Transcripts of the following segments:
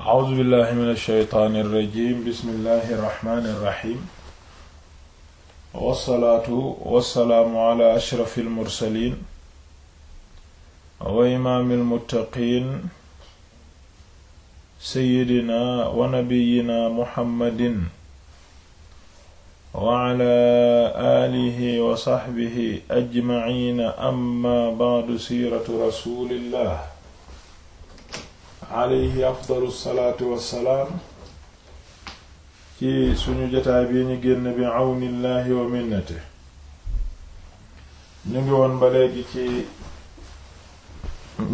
A'uuzu billahi mina shaytaani rajiim bismillahi rahmaani rahiim. wasalaatu wasalaamu ala ashrafil mursaliin. wa imaamil muttaqiin. sayyidina wa nabiyyina muhammadin. wa ala aalihi wa saxbihi ajmaciina amma ba'du siiratu rasuulillah. alayhi afdalu salaatu wassalaam ci suñu jotaay bi ñu génn bi àwnillaahi wa minnate ñu ngi woon ba léegi ci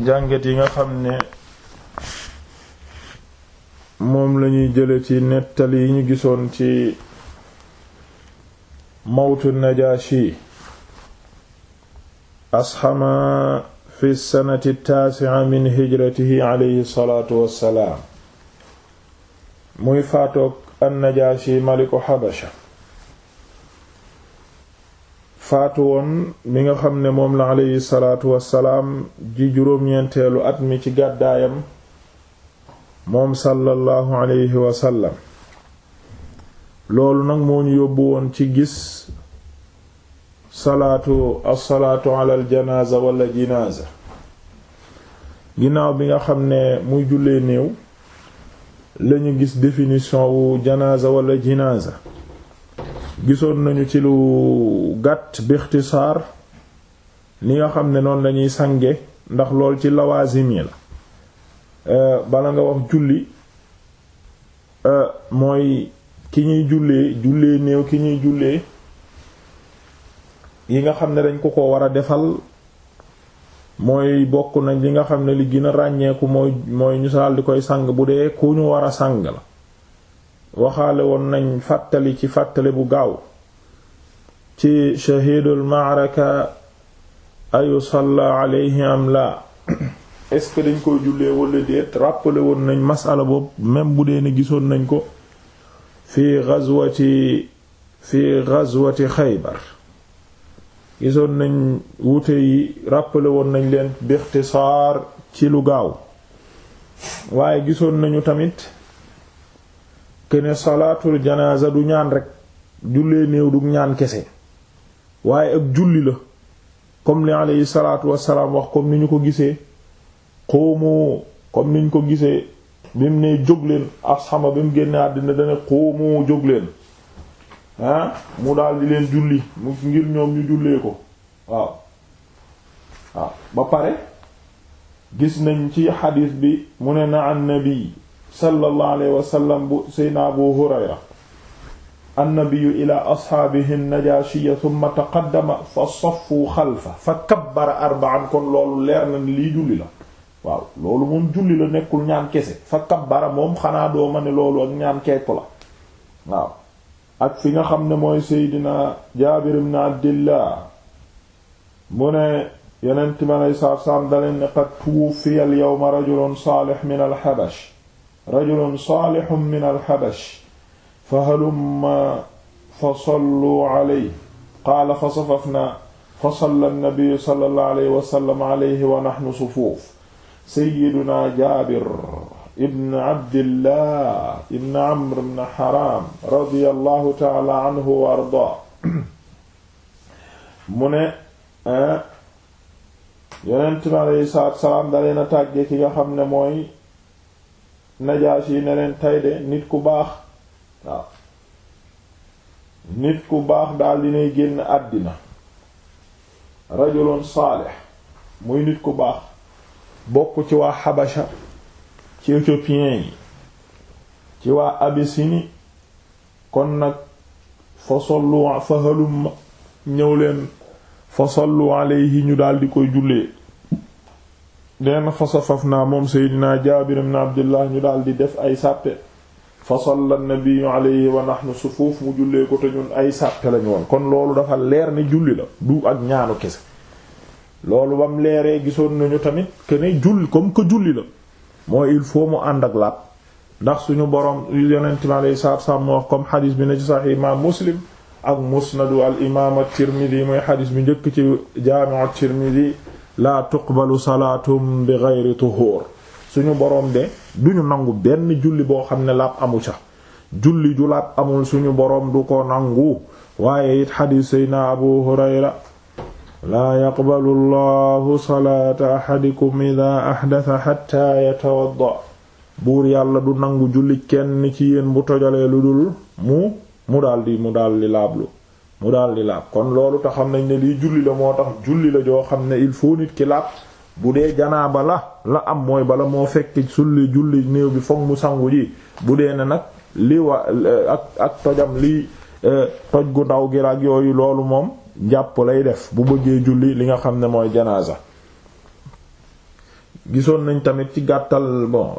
njàngat yi nga xam ne moom lañuy jële ci nettali yi ñu gisoon ci mawtu najaashi asxama fi sanati taasi'a min hijratihi alayhi salaatu wassalaam muy faatoog annajaasi maliku xabasha faatu woon mi nga xam ne moom la alayhi salaatu wassalaam ji juróom-ñeenteelu at mi ci gàddaayam moom sallallahu loolu nag moo ñu ci gis salaatu as-salaatu ala al janaza wala jinaza ginnaaw bi nga xam ne muy jullee néew lañu gis définition wu janaza wala jinaza gisoon nañu ci lu gàtt bixtisaar li nga xam ne noonu lañuy sange ndax lool ci lawaasim yi la euh, bala nga wax julli euh, mooy ki ñuy jullee jullee néew ki ñuy jullee yi nga xam ne dañ ko ko war a defal mooy bokk nañ li nga xam ne li gën a ràññeeku mooy mooy ñu di koy sang bu dee ku ñu war a sang la waxaale woon nañ fàttali ci fàttali bu gaaw ci shahidul ma'raka ayu salla alayhi am la est-ce que dañ koy jullee wala déet rappelé woon nañ masala boobu même bu dee ne gisoon nañ ko fi ghazwati fi ghazwati Xaybar gisoon nañ wuute yi rappelé woon nañ leen bixtisaar ci lu gaaw waaye gisoon nañu tamit kene salaatul janaasa du ñaan rek jullee néew du ñaan kese waaye ak julli la comme li aleyhi salaatu wasalaam wax comme ni ñu ko gisee xoomoo comme ni ko gisee bi mu ne jóg leen asxama bi mu génne àddina dana xoomoo jóg ah mu daal di leen julli mu ngir ñoom ñu jullee ko waaw waaw ah, ba pare gis nañ ci xadiis bi mu ne na an nabi sallallahu alayhi bu sayna abu hurayra annabiyu ila asxaabihi najaashiya thumma taqaddama fa saffu xalfa fa kabbara arba'an kon loolu leer na lii julli la waaw loolu moom julli la nekkul ñaan kese fa kabbara moom xanaa dooma ne loolu ak ñaan kekku la waaw ak fi nga xam ne mooy seydina jaabir ibn abdillah mu ne yonent mi aleyhi salaatu salaam daleen ne qad tuwuffiya al yawma rajulun saalih min al habash rajulun saalihun min al habash fa halumma fa sallu alayhi qaala fa safafnaa fa salla an-nabiyyu sallallahu alayhi wa sallam alayhi wa nahnu sufuuf sayyiduna jaabir ibn abdillah ibn amr ibn haram radiyallahu taala anhu wa ardaa mu ne eh, yonent mi aleyhi salaatu salaam da leen tàggee ki nga xam ne mooy najaas yi ne leen tey de nit ku baax waaw nit ku baax daal dinay génn àddina rajulun saalix muy nit ku baax bokk ci waa xabasha ci éthiopiens yi ci waa Abyssinie kon nag fa sollu fa halum ñëw leen fa sollu alayhi ñu daldi di koy jullee deen fasafaf naa moom seydinaa jaabir ibn abdillah ñu daal di def ay sàppe fa salla nabiyu alayhi wa nahnu sufuuf mu jullee ko te ñun ay sàppe lañu woon kon loolu dafa leer ni julli la du ak ñaanu kese loolu bam leeree gisoon nañu tamit que ne julli comme que julli la mooy il faut mu ànd ak laab ndax suñu borom yonent mi alayhi salaatu salaam mu wax comme xadis bi ne ci sax imaam muslim ak musnadu al imaam at-Tirmidi mooy xadis bu njëkk ci jaami'u at-Tirmidi laa tuqbalu salaatum bi ghayri tuhuur suñu borom de duñu nangu benn julli boo xam ne laab amu ca julli ju laab amul suñu borom du ko nangu waaye it xadis sayna Abu Hurayra laa yaqbalu allahu salaata ahadikum ida ahdasa xatta yatawadda buur yàlla du nangu julli kenn ci yéen bu tojalee lu dul mu mu daldi mu daldi laablu mu daldi laab kon loolu tax nañ ne lii julli la moo tax julli la joo xam ne il faut nit ki laab bu dee janaaba la la am mooy bala moo fekk sulli julli néew bi foog mu sangu ji bu dee ne nag li wa ak ak tojam lii eh, toj gu ndaw gi ak yooyu loolu moom njàpp lay def bu bëggee julli li nga xam ne mooy janaasa gisoon nañ tamit ci gàttal bon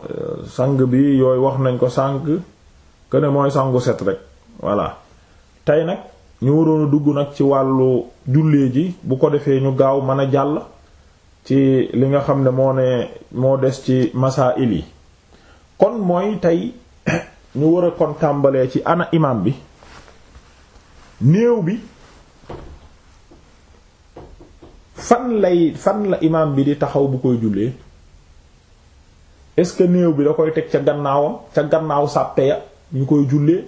sang bi yooyu wax nañ ko sànq que ne mooy sangu set rek voilà tey nag ñu waroon dugg nag ci wàllu jullee ji bu ko defee ñu gaaw mën a jàll ci li nga xam ne moo ne moo des ci masaa'il yi kon mooy tey ñu wara kon tàmbalee ci ana imam bi néew bi fan lay fan la imaam bi di taxaw bu koy jullee est-ce que néew bi da koy teg ca gannaawam ca gannaaw sàppe ya ñu koy jullee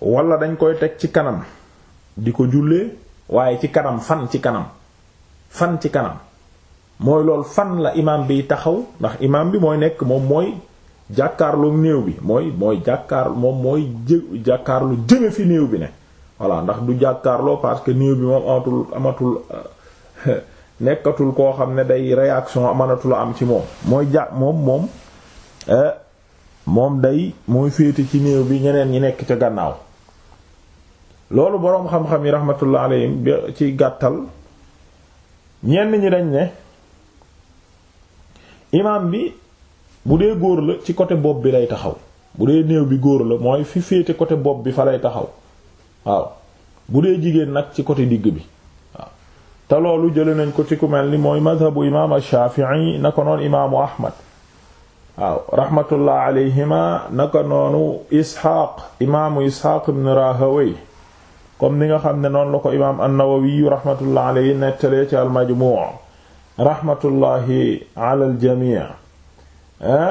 wala dañ koy teg ci kanam di ko jullee waaye ci kanam fan ci kanam fan ci kanam mooy loolu fan la imaam bi taxaw ndax imaam bi mooy nekk moom mooy jàkkaarlu néew bi mooy mooy jàkkaar moom mooy jë jàkkaarlu jëme fi néew bi ne voilà ndax du jàkkaarloo parce que néew bi moom amatul amatul euh, nekkatul koo xam ne day réaction amanatul am ci moom mooy ja moom moom euh, moom day mooy féete ci néew bi ñeneen ñi nekk ca gannaaw loolu boroom xam-xam yi rahmatullah alayhim ci gàttal ñenn ñi dañ ne imaam bi bu dee góor la ci côté bopp bi lay taxaw bu dee néew bi góor la mooy fi féete côté bopp bi fa lay taxaw waaw bu dee jigéen nag ci côté digg bi waaw te loolu jële nañ ko ci ku mel ni mooy madhabu imaam ash-Shafi'i na ko noon imaamu Ahmad waaw rahmatullah alayhima noonu Isxaaq imaamu Isxaaq ibn Rahawayh comme ni nga xam ne noonu la ko imaam an-Nawawi rahmatullah alayhi nettalee ci al-Majmu' rahmatullahi ala al-jamii' eh?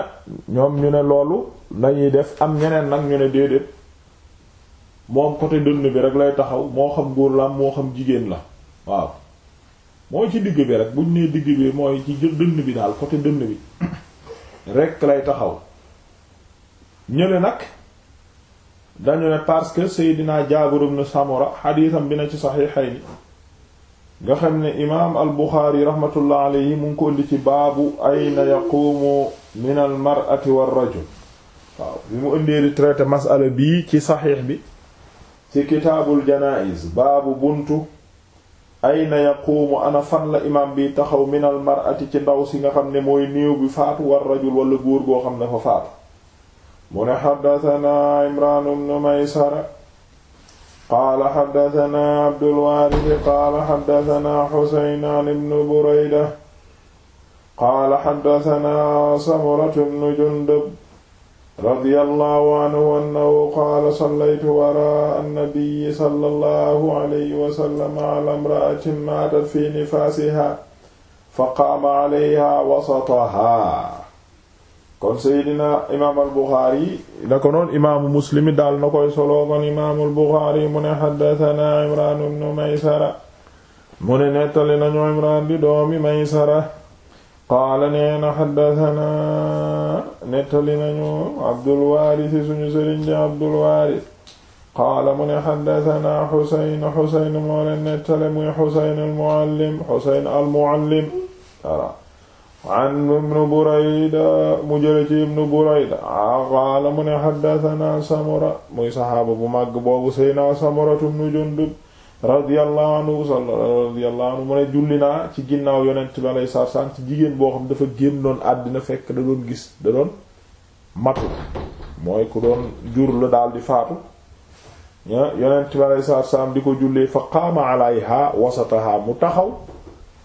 ñoom ñu ne loolu lañuy def am ñeneen nag ñu ne déedéet moom côté dënn bi rek lay taxaw moo xam góor la moo xam jigéen la waaw mooy ci digg bi rek buñ nee digg bi mooy ci dënn bi daal côté dënn bi rek lay taxaw ñële nag dañu ne parce que Seydina Jaabir ibn Samura xadiisam bi na ci saxiixayni nga xam ne imaam al Buxaari raxmatullah alayhi mu ngi ko indi ci baabu ayna yaquumu min al mar'ati war rajul waaw bi mu indee di traité masala bii ci saxiix bi ci kitaabul janaa'iz baabu buntu ayna yaquumu ana fan la imaam bi taxaw minal mar'ati ci ndaw si nga xam ne mooy néew bi faatu war rajul wala góor goo xam ne fa faatu mu ne xaddatanaa imraan ibnu maysara qaala xaddatanaa abdulwaaris qaala xaddatanaa xuseynaan ibnu burayda qaala xaddatanaa samuratu ibnu jundub radiyallahu anhu annahu qaala sallaytu waraa annabiyyi sallallahu alayhi wa sallam ala imra'atin maatat fi nifaasihaa faqaama alayhaa wasatahaa kon seydina imaam al buxaari da ko noon imaamu muslimi daal na koy soloo kon imaamu al buxaari mu ne xaddatanaa imraan ibnu maysara mu ne nettali nañu imraan di doomi maysara qaala nee na xaddatanaa nettali nañu abdulwaarisi suñu sëriñ di abdulwaaris qaala mu ne xaddatanaa xusain xusain moo leen nettale muy xusain almuallim xusain almuallim wala an ibnu burayda mu jële ci ibnu burayda qaala mu ne xaddatanaa samura muy saxaaba bu màgg boobu sëy naa samuratu ibnu jundub radiyallahu anhu radiyallahu anhu mu ne julli naa ci ginnaaw yonent bi alay salaatu salaam ci jigéen boo xam dafa génn doon àddina fekk da doon gis da doon matu mooy ku doon jur la daal di faatu yonent bi alayhi salaatu di ko jullee fa qaama alayha wasataha mu taxaw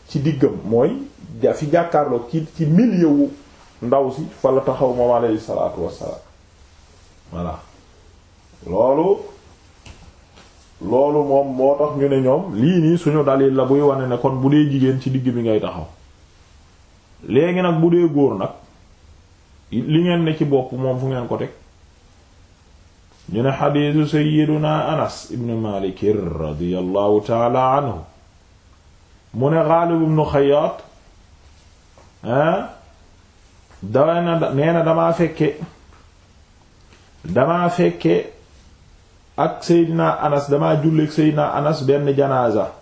ci diggam mooy fi jàkkaarloo ci ci milieu wu ndaw si fa la taxaw moom alayhi salaatu wassalaam voilà loolu loolu moom moo tax ñu ne ñoom lii nii suñu dalil la buy wane ne kon bu dee jigéen ci digg bi ngay taxaw léegi nag bu dee góor nag li ngeen ne ci bopp moom fu ngeen ko teg ñu ne xadiisu sayyiduna anas ibn malik radiyallahu taala anhu mu ne Gaalib ibn Xayyaat ah dana nee na damaa fekke damaa fekke ak Seydina Anas damaa julli ak Seydina Anas benn janaasa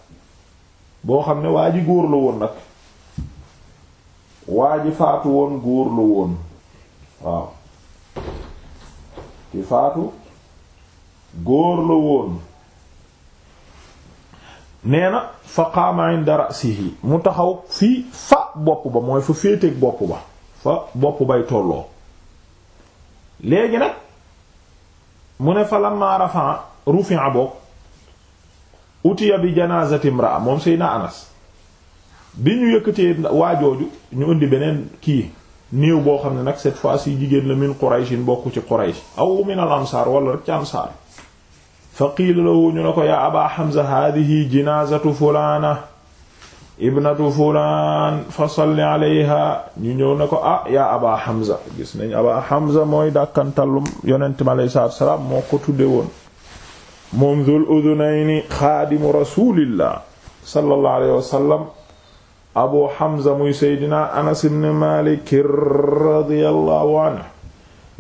boo xam ne waaji góor la woon nag waa ji faatu woon góor la woon waaw ci faatu góor nee na fa qaama inda ra'sihi mu taxaw fii fa bopp ba mooy fa féeteeg bopp ba fa bopp bay tolloo léegi nag mu ne fa lamma rafa rufi'a boog utiya bi janaazati imra'a moom Seydina Anas bi ñu yëkkatee waajooju ñu indi beneen kii néew boo xam ne nag cette fois ci jigéen la min Qurayshin bokk ci Quraysh aw min al ansaar wala rek ci ansaar fa qiila ne ko yaa Aba Hamza haadihi jinaazatu fulaana ibnatu fulaan fa salli alayha ñu ñëw ne ko ah yaa aba hamza gis nañ aba hamza mooy dàkkantallum yonent mi alayhi salaatu wa salaam moo ko tudde woon moom dhul udunayni xaadimu rasulillah sallallahu alayhi wa abu hamza muy seydina anas ibn malik radiyallahu anhu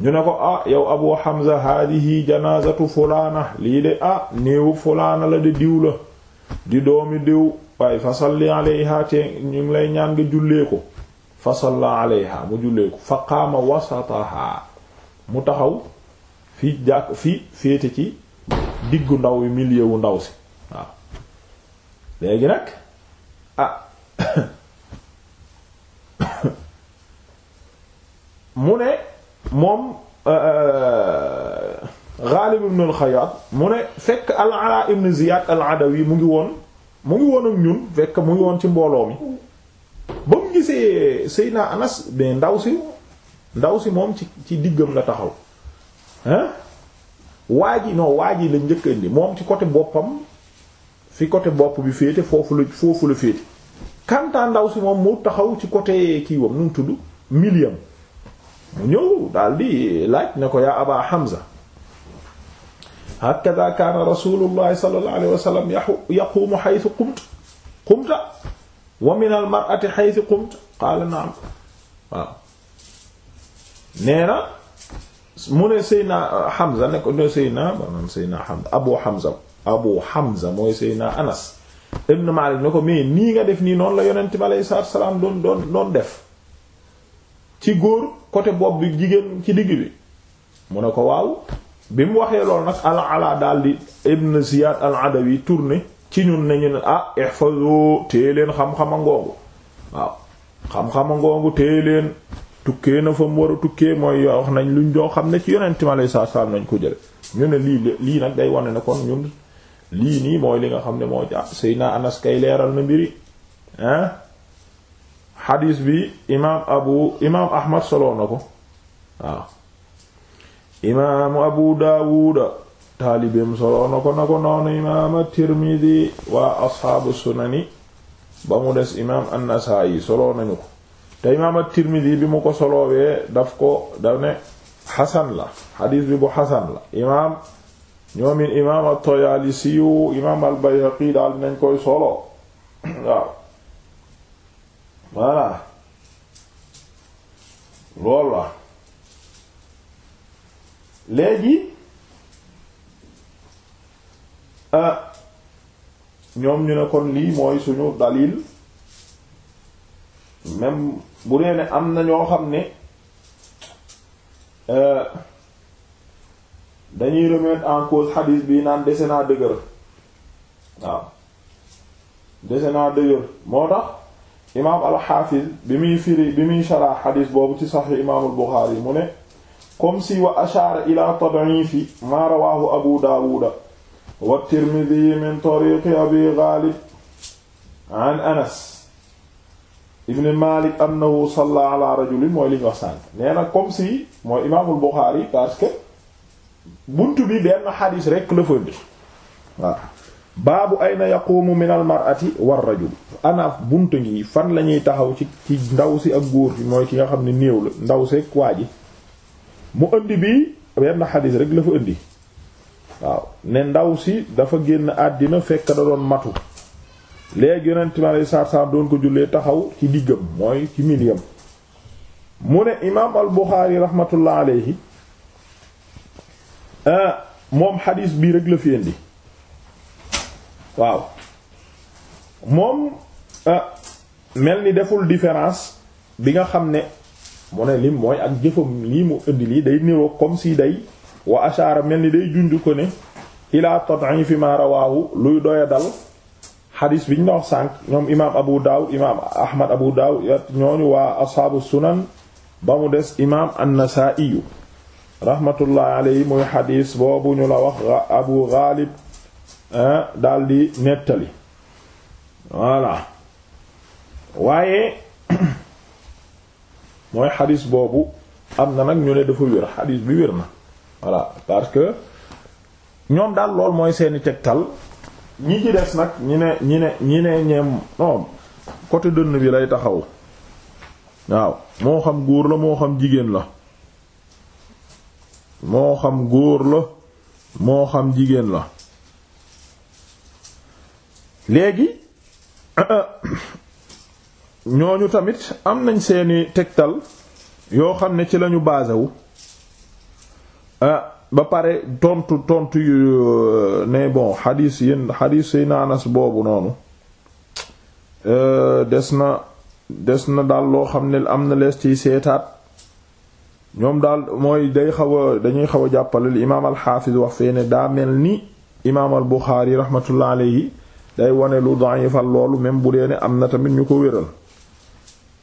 ñu ne ko ah yow abu hamza haadihi janaazatu fulaana lii de ah néewu fulaana la de diw di doomi diw waaye fa salli alayha te ñu ngi lay ñaan nga jullee ko fa salla alayha mu jullee ko fa qaama wasataha mu taxaw fi jàkk fi féete ci diggu ndaw wi wu ndaw si waaw léegi nag ah mu ne moom euh, euh, Ghalib ibn al-Khayyat mu ne fekk al-Ala ibn Ziyad al-Adawi mu ngi woon mu ngi woon ñun fekk mu ngi woon ci mbooloo mi ba mu gisee Seydina Anas mais ndaw si ndaw si moom ci ci diggam la taxaw hein waa ji non waa ji la njëkk indi moom ci côté boppam fi côté bopp bi féete foofu la foofu la féete kantaa ndaw si moom mu taxaw ci côté kii wam nu mu tudd miliam mu ñëw daal di laaj ne ko yaa Aba Hamza hakada kaana rasulullahi sallallahu alayhi wa sallam yaquumu xaytu qumta qumta wa min al mar'ati xaytu qumta qaala naam waaw nee na mu ne Seyna Hamza ne ko ne Seyna maanaam Seyna Hamza Abu Hamza Abu Hamza mooy Seyna Anas ibn Malik ne ko mais nii nga def nii noonu la yonent bi aleyhi salaatu salaam doon doon doon def ci góor côté bopp bi jigéen ci digg bi mu ne ko waaw bi mu waxee lool nag al ala di ibn Ziyad al Adawi tourné ci ñun nañu ne ah ihfazu téye leen xam-xama ngoogu waaw xam-xama ngoogu téye leen tukkee na fa mu war a tukkee mooy wax nañ luñ doo xam ne ci yonent mi nañ ko jële ñu ne lii lii nag day wone ne kon ñun lii nii mooy li nga xam ne moo ja Seydina Anas kay leeral na mbiri hein bi imaam Abu imaam Ahmad soloon ko waaw imaamu abu daawuda taalibeem soloo na ko na noonu imaam at-tirmidi waa asxaabu sunani ba mu des imaam an-nasaa'i soloo nañu ko imaam at-tirmidi bi mu ko soloowee daf ko daf ne xasan la xadiis bi bu xasan la imaam ñoomin imaam at-tayaalisi imaam al-bayhaqi daal nañ koy solo waaw voilà la léegi euh, ñoom ñu ne kon lii mooy suñu dalil même bu dee ne am na ñoo xam ne euh, dañuy remettre en cause xadiis bi naan dese naa dëgër waaw dese naa dëgër moo tax imaam alxaafiz bi muy firi bi muy saraax xadiis boobu ci saxi imaamul yi mu ne comme si wa ashaara ila tad'ifi maa rawaahu abu daawuda wa tirmidhi min tariqi abi ghalib an anas ibn malik annahu salla ala mooy li ñu wax sànk mooy imaamul buxaari parce que bunt bi benn xadis rek la fëndi waaw baabu ayna yaquumu min al mar'ati war rajul anaaf bunt ngi fan lañuy taxaw ci ndaw si ak góor bi mooy ki nga xam ni néew la ndaw seeg waa ji mu indi bi wenn xadis rek la fa indi waaw ne ndaw si dafa génn àddina fekk da doon matu léegi yonent mi alei saatu salaam doon ko jullee taxaw ci diggam mooy ci miliam mu ne imaam al Buxaari rahmatullah aleyhi ah, moom xadis bii rek la fi indi waaw moom ah, mel ni deful différence bi nga xam ne mu ne lim mooy ak jëfam lii mu indi lii day niroo comme si wa ashaara mel ni day junj ko ne ilaa totani fi ma rawaahu luy doya dal bi sànq ñoom imaam abu daawud imaam ahmad abu daawud ñooñu waa ashaabu sunan ba mu des imaam an-nasaa'iyu rahmatullah alayhi muy xadis boobu ñu la wax abu ghalib ah, daldi nettali voilà waaye mooy xadis boobu am na nag ñu ne dafa wér xadis bi wér na voilà parce que ñoom daal lool mooy seeni tegtal ñi ci des nag ñi ne ñi ne ñi ne ñeem non côté dënn bi lay taxaw waaw moo xam góor la moo xam jigéen la moo xam góor la moo xam jigéen la léegi ñooñu tamit am nañ seeni tegtal yoo xam ne ci lañu basé wu ah, ba pare tontu tontu yu euh, ne bon xadiis yéen xadiis boobu noonu euh, des na des na daal loo xam ne am na lees ciy seetaat ñoom daal mooy day xaw a dañuy xaw a jàppalel imaam alxaafis wax fee ne daa mel ni imaam al Buxaari rahmatullah yi day wane lu da'ifal loolu même bu dee ne am na tamit ñu ko wéral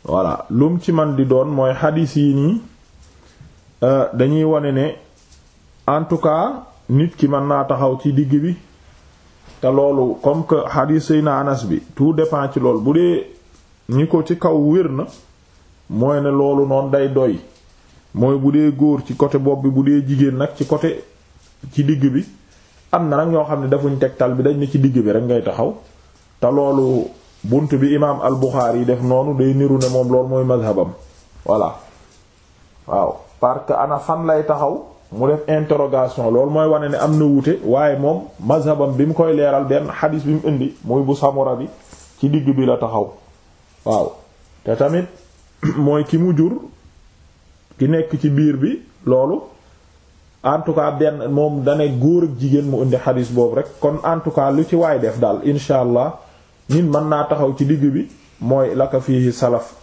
voilà lum ci man di doon mooy xadiis yi nii euh, dañuy wane ne en tout cas nit ki mën naa taxaw ci digg bi te loolu comme que xadiis na Anas bi tout dépend ci lool bu dee ñi ko ci kaw wér na mooy ne loolu noonu day doy mooy bu dee góor ci côté bopp bi bu dee jigéen nag ci côté ci digg bi am na nag ñoo xam ne dafuñ tegtal bi dañ ne ci digg bi rek ngay taxaw te loolu bunt bi imaam al Buxaari yi def noonu day niru ne moom loolu mooy mazhabam voilà waaw parce que ana fan lay taxaw mu def interrogation loolu mooy wane ne am na wuute waaye moom mazhabam bi mu koy leeral benn xadiis bi mu indi muy bu samura bi ci digg bi la taxaw waaw te tamit mooy ki mu jur ki nekk ci biir bi loolu en tout cas benn moom dane góor ak jigéen mu indi xadiis boobu rek kon en tout cas lu ci waay def daal incha allah nit mën naa taxaw ci digg bi mooy lakk fiihi salaf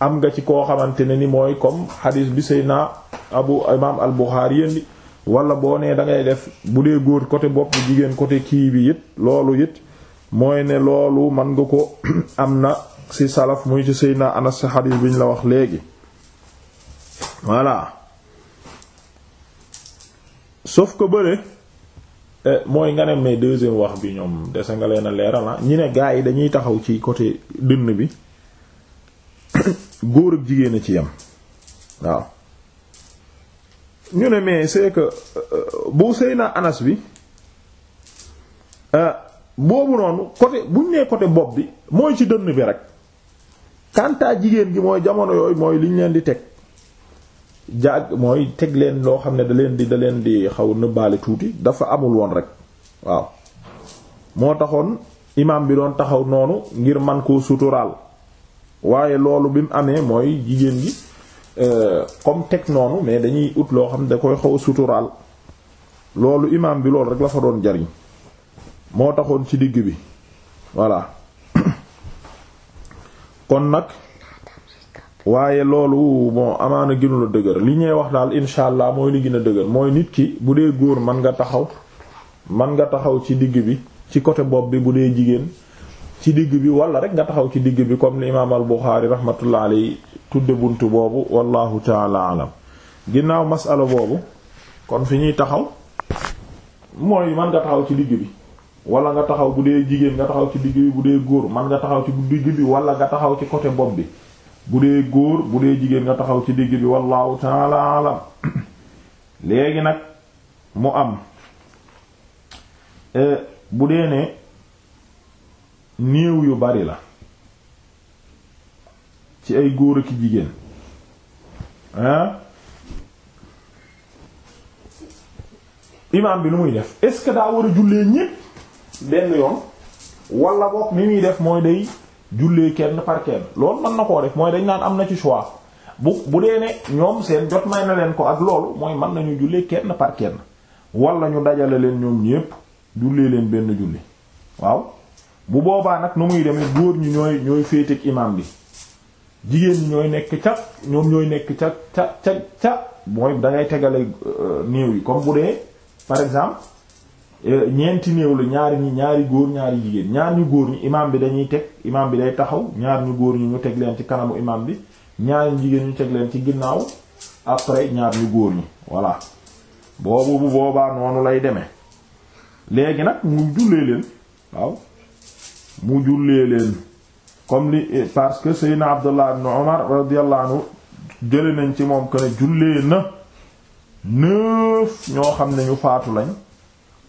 am nga ci koo xamante ne ni mooy comme xadiis bi Seydina abu imaam al Buxaari yéndi wala boo nee dangay def bu dee góor côté bopp jigéen côté kii bi it loolu it mooy ne loolu mën nga ko am na si salaf muy ci Seydina Anas ci xadiis bi ñu la wax léegi voilà sauf que bëre Euh, mooy nga ne mais deuxième wax bi ñoom dese nga leen a leeral na ah. ñi ne gaa yi dañuy taxaw ci côté dënn bi góor ak jigéen a ci yam waaw ñu ne mais c'est que euh, bu sëy na anas bi euh, boobu noonu côté buñ nee côté bopp bi mooy ci dënn bi rek quant jigéen gi mooy jamono yooyu mooy liñ leen di teg jaag mooy teg leen loo xam ne da leen di da leen di xaw nëbbaale tuuti dafa amul woon rek waaw moo taxoon imaam bi doon taxaw noonu ngir man koo suturaal waaye loolu bi mu amee mooy jigéen gi euh, comme teg noonu mais dañuy ut loo xam ne da koy xaw a suturaal loolu imaam bi loolu rek la fa doon jariñ moo taxoon ci digg bi voilà kon nag waaye loolu moo amaana gënul a dëgër li ñuy wax daal incha allah mooy li gën a dëgër mooy nit ki bu dee góor man nga taxaw man nga taxaw ci digg bi ci côté bopp bi bu dee jigéen ci digg bi wala rek nga taxaw ci digg bi comme li imaam al Buxaari rahmatullah alayhi tudde buntu boobu wallahu taala alam ginnaaw masala boobu kon fi ñuy taxaw mooy man nga taxaw ci digg bi wala nga taxaw bu dee jigéen nga taxaw ci digg bi bu dee góor man nga taxaw ci digg bi wala nga taxaw ci côté bopp bi bu dee góor bu dee jigéen nga taxaw ci digg bi wallahu taala alam léegi nag mu am e, bu dee ne néew yu bari la ci ay góor ak jigéen hein imaam bi lu muy def est daa war a jullee ñépp benn yoon wala boog mi muy def mooy day jullee kenn par kenn loolu mën na koo def mooy dañ naan am na ci choix bu bu dee ne ñoom seen jot may na leen ko ak loolu mooy mën nañu jullee kenn par kenn wala ñu dajale leen ñoom ñépp jullee leen benn julli waaw bu boobaa nag nu muy demee góor ñi ñooy ñooy féeteeg imam bi jigéen ñi ñooy nekk ca ñoom ñooy nekk ca ca ca ca mooy da ngay tegale euh, néew yi comme bu dee par exemple Euh, ñeenti néew la ñaari ñi ñaari góor ñaari jigéen ñaar ñu góor ñi imaam bi dañuy teg imaam bi day taxaw ñaar ñu góor ñu teg leen ci kanamu imaam bi ñaar ñu jigéen ñu teg leen ci ginnaaw après ñaar ñu góor ñi voilà boobu bu boobaa noonu lay deme léegi nag mu jullee leen waaw mu jullee leen comme li eh, parce que Seydina Abdullah ibn Umar radiyallahu anhu jële nañ ci moom que ne jullee na neuf ñoo xam ne ñu faatu lañ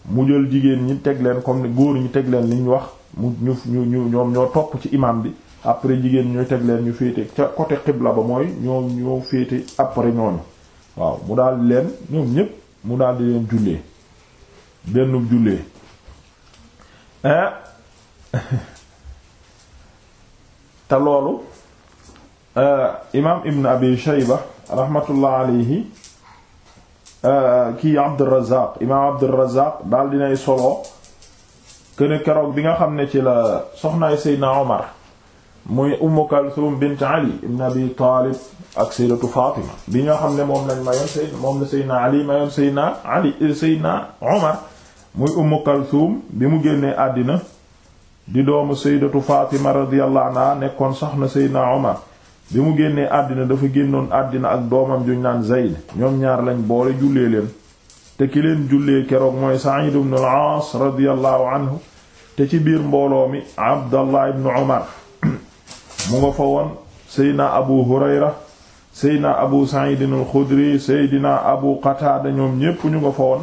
mu jël jigéen ñi teg leen comme ni góor ñi teg leen li ñu wax mu ñu ñu ñoom ñoo topp ci imam bi après jigéen ñooy teg leen ñu féete ca côté xibla ba mooy ñoom ñoo féete après ñooñu waaw mu daal leen ñoom ñépp mu daal di leen jullee benn jullee te loolu euh, imaam Ibn Abi Shayba rahmatullah alayhi Euh, kii Abdurrazzaq imaam Abdurrazzaq daal dinay solo kene bi nga xam ne ci la soxnaay Seydina Omar muy Umm Kalthum bi nga xam ne moom la Seydina Ali mayoon Seydina Ali bi mu génnee àddina di doomu Sayyidatu Fatima radiyallahu anha nekkoon soxna Seydina Omar bi mu génnee àddina dafa génnoon àddina ak doomam juñ naan Zayd ñoom ñaar lañ boole jullee leen te ki leen jullee keroog mooy Sa'id ibn al radiyallahu anhu te ci biir mbooloo mi Abdallah ibn Umar mu nga fa woon seydna Abu Hurayra seydna Abu Sa'id al-Khudri seydna Abu Qatada ñoom ñépp ñu nga fa woon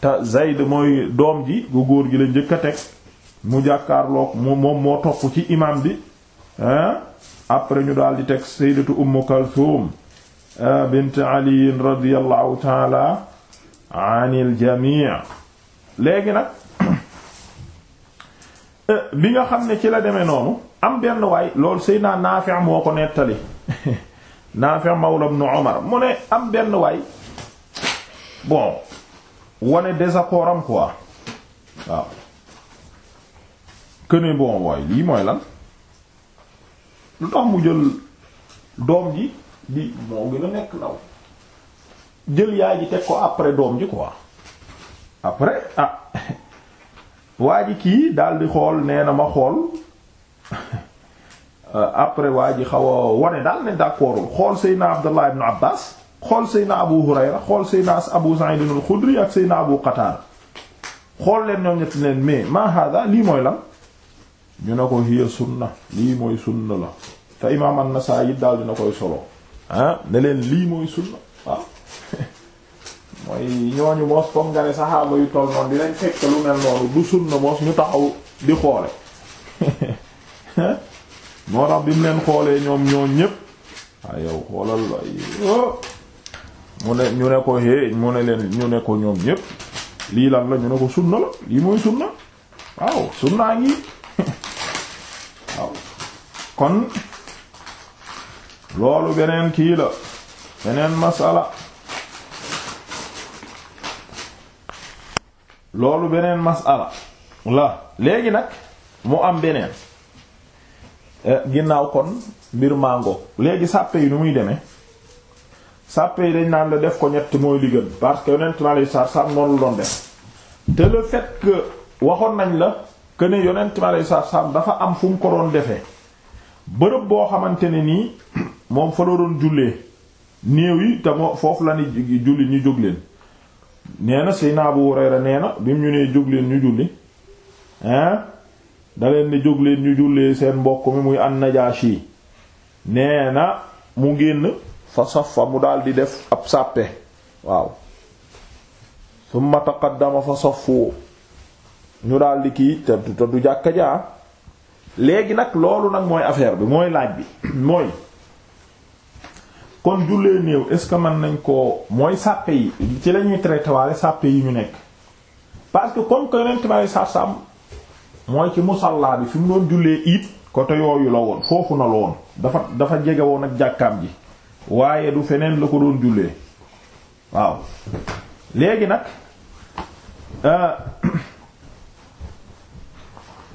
te Zayd mooy doom ji gu góor gi la jëkk a teg mu jàkkaarloog moom moo topp ci imam bi ah après ñu daal di teg sayyidatu ummu kalthum bint ali radiyallahu taala anil jamii léegi nag euh, bi nga xam ne ci la demee noonu am benn waay loolu seydina Naafi moo ko nettali Naafi mawla ibn Umar mu ne am benn waay bon wane désaccord am waaw que bon waay lii mooy lan lu tax mu jël doom ji di moo gën a nekk ndaw jël yaay ji teg ko après doom ji ko après ah waa ji kii daal di xool nee na ma xool euh, après waa ji xaw a wane daal ne d'accordul xool Seydina Abdallah ibn Abbas xool Seydina Abu Hurayra xool Seydina Abu Sa'id al-Khudri ak Seydina Abu Qatada xool leen ñoom ñett leen mais ma hada lii mooy lan ñu ne ko hiya sunna lii mooy sunna la te imaam an-Nasaa'i daal dina koy solo ah ne leen lii mooy sunna waaw ah, mooy ñooñu moos foog nga ne saxaaba yu toll noonu ñu taxaw di xoole ah, moo tax bi mu leen xoolee ñoom ñoo ñépp waaye ah, yow xoolal mu ne ñu ne ko hé mu ne leen ñu ne ko ñoom ñépp lii lan la ñu ne ko sunna la lii mooy sunna waaw sunnaa ngi kon loolu beneen kii la beneen masala loolu beneen masala la léegi nag mu am beneen eh, ginnaaw kon mbir màngo léegi sàppe yi nu muy demee sàppe yi dañ naan la def ko ñett mooy li gën parce que yonent mi alayhi salaatu salaam noonu la doon def te le waxoon nañ la que ne yonent mi alayhi salaatu salaam dafa am fu mu ko doon defee bërëb boo xamante ne nii moom fa la doon jullee néew yi te foofu la ni julli ñu jóg leen nee na Seydina Abu Hurayra nee na bi mu ñu nee jóg leen ñu julli hein da leen jóg leen ñu jullee seen mbokk mi muy an-Najaashi nee na mu génn fa safa mu daal di def ab sàppe waaw summa taqaddama fa saffu ñu daal di kii te du jàkka jaa léegi nag loolu nag mooy affaire bi mooy laaj bi mooy kon jullee néew est-ce que mën nañ ko mooy sàppe yi ci la ñuy traité waale sàppe yi ñu nekk parce que comme que yonent bari sarsam mooy ci musalla bi fi mu doon jullee it côté yooyu la woon foofu na loon dafa dafa jege woon ak jàkkaam ji waaye du feneen la ko doon jullee waaw léegi nag euh,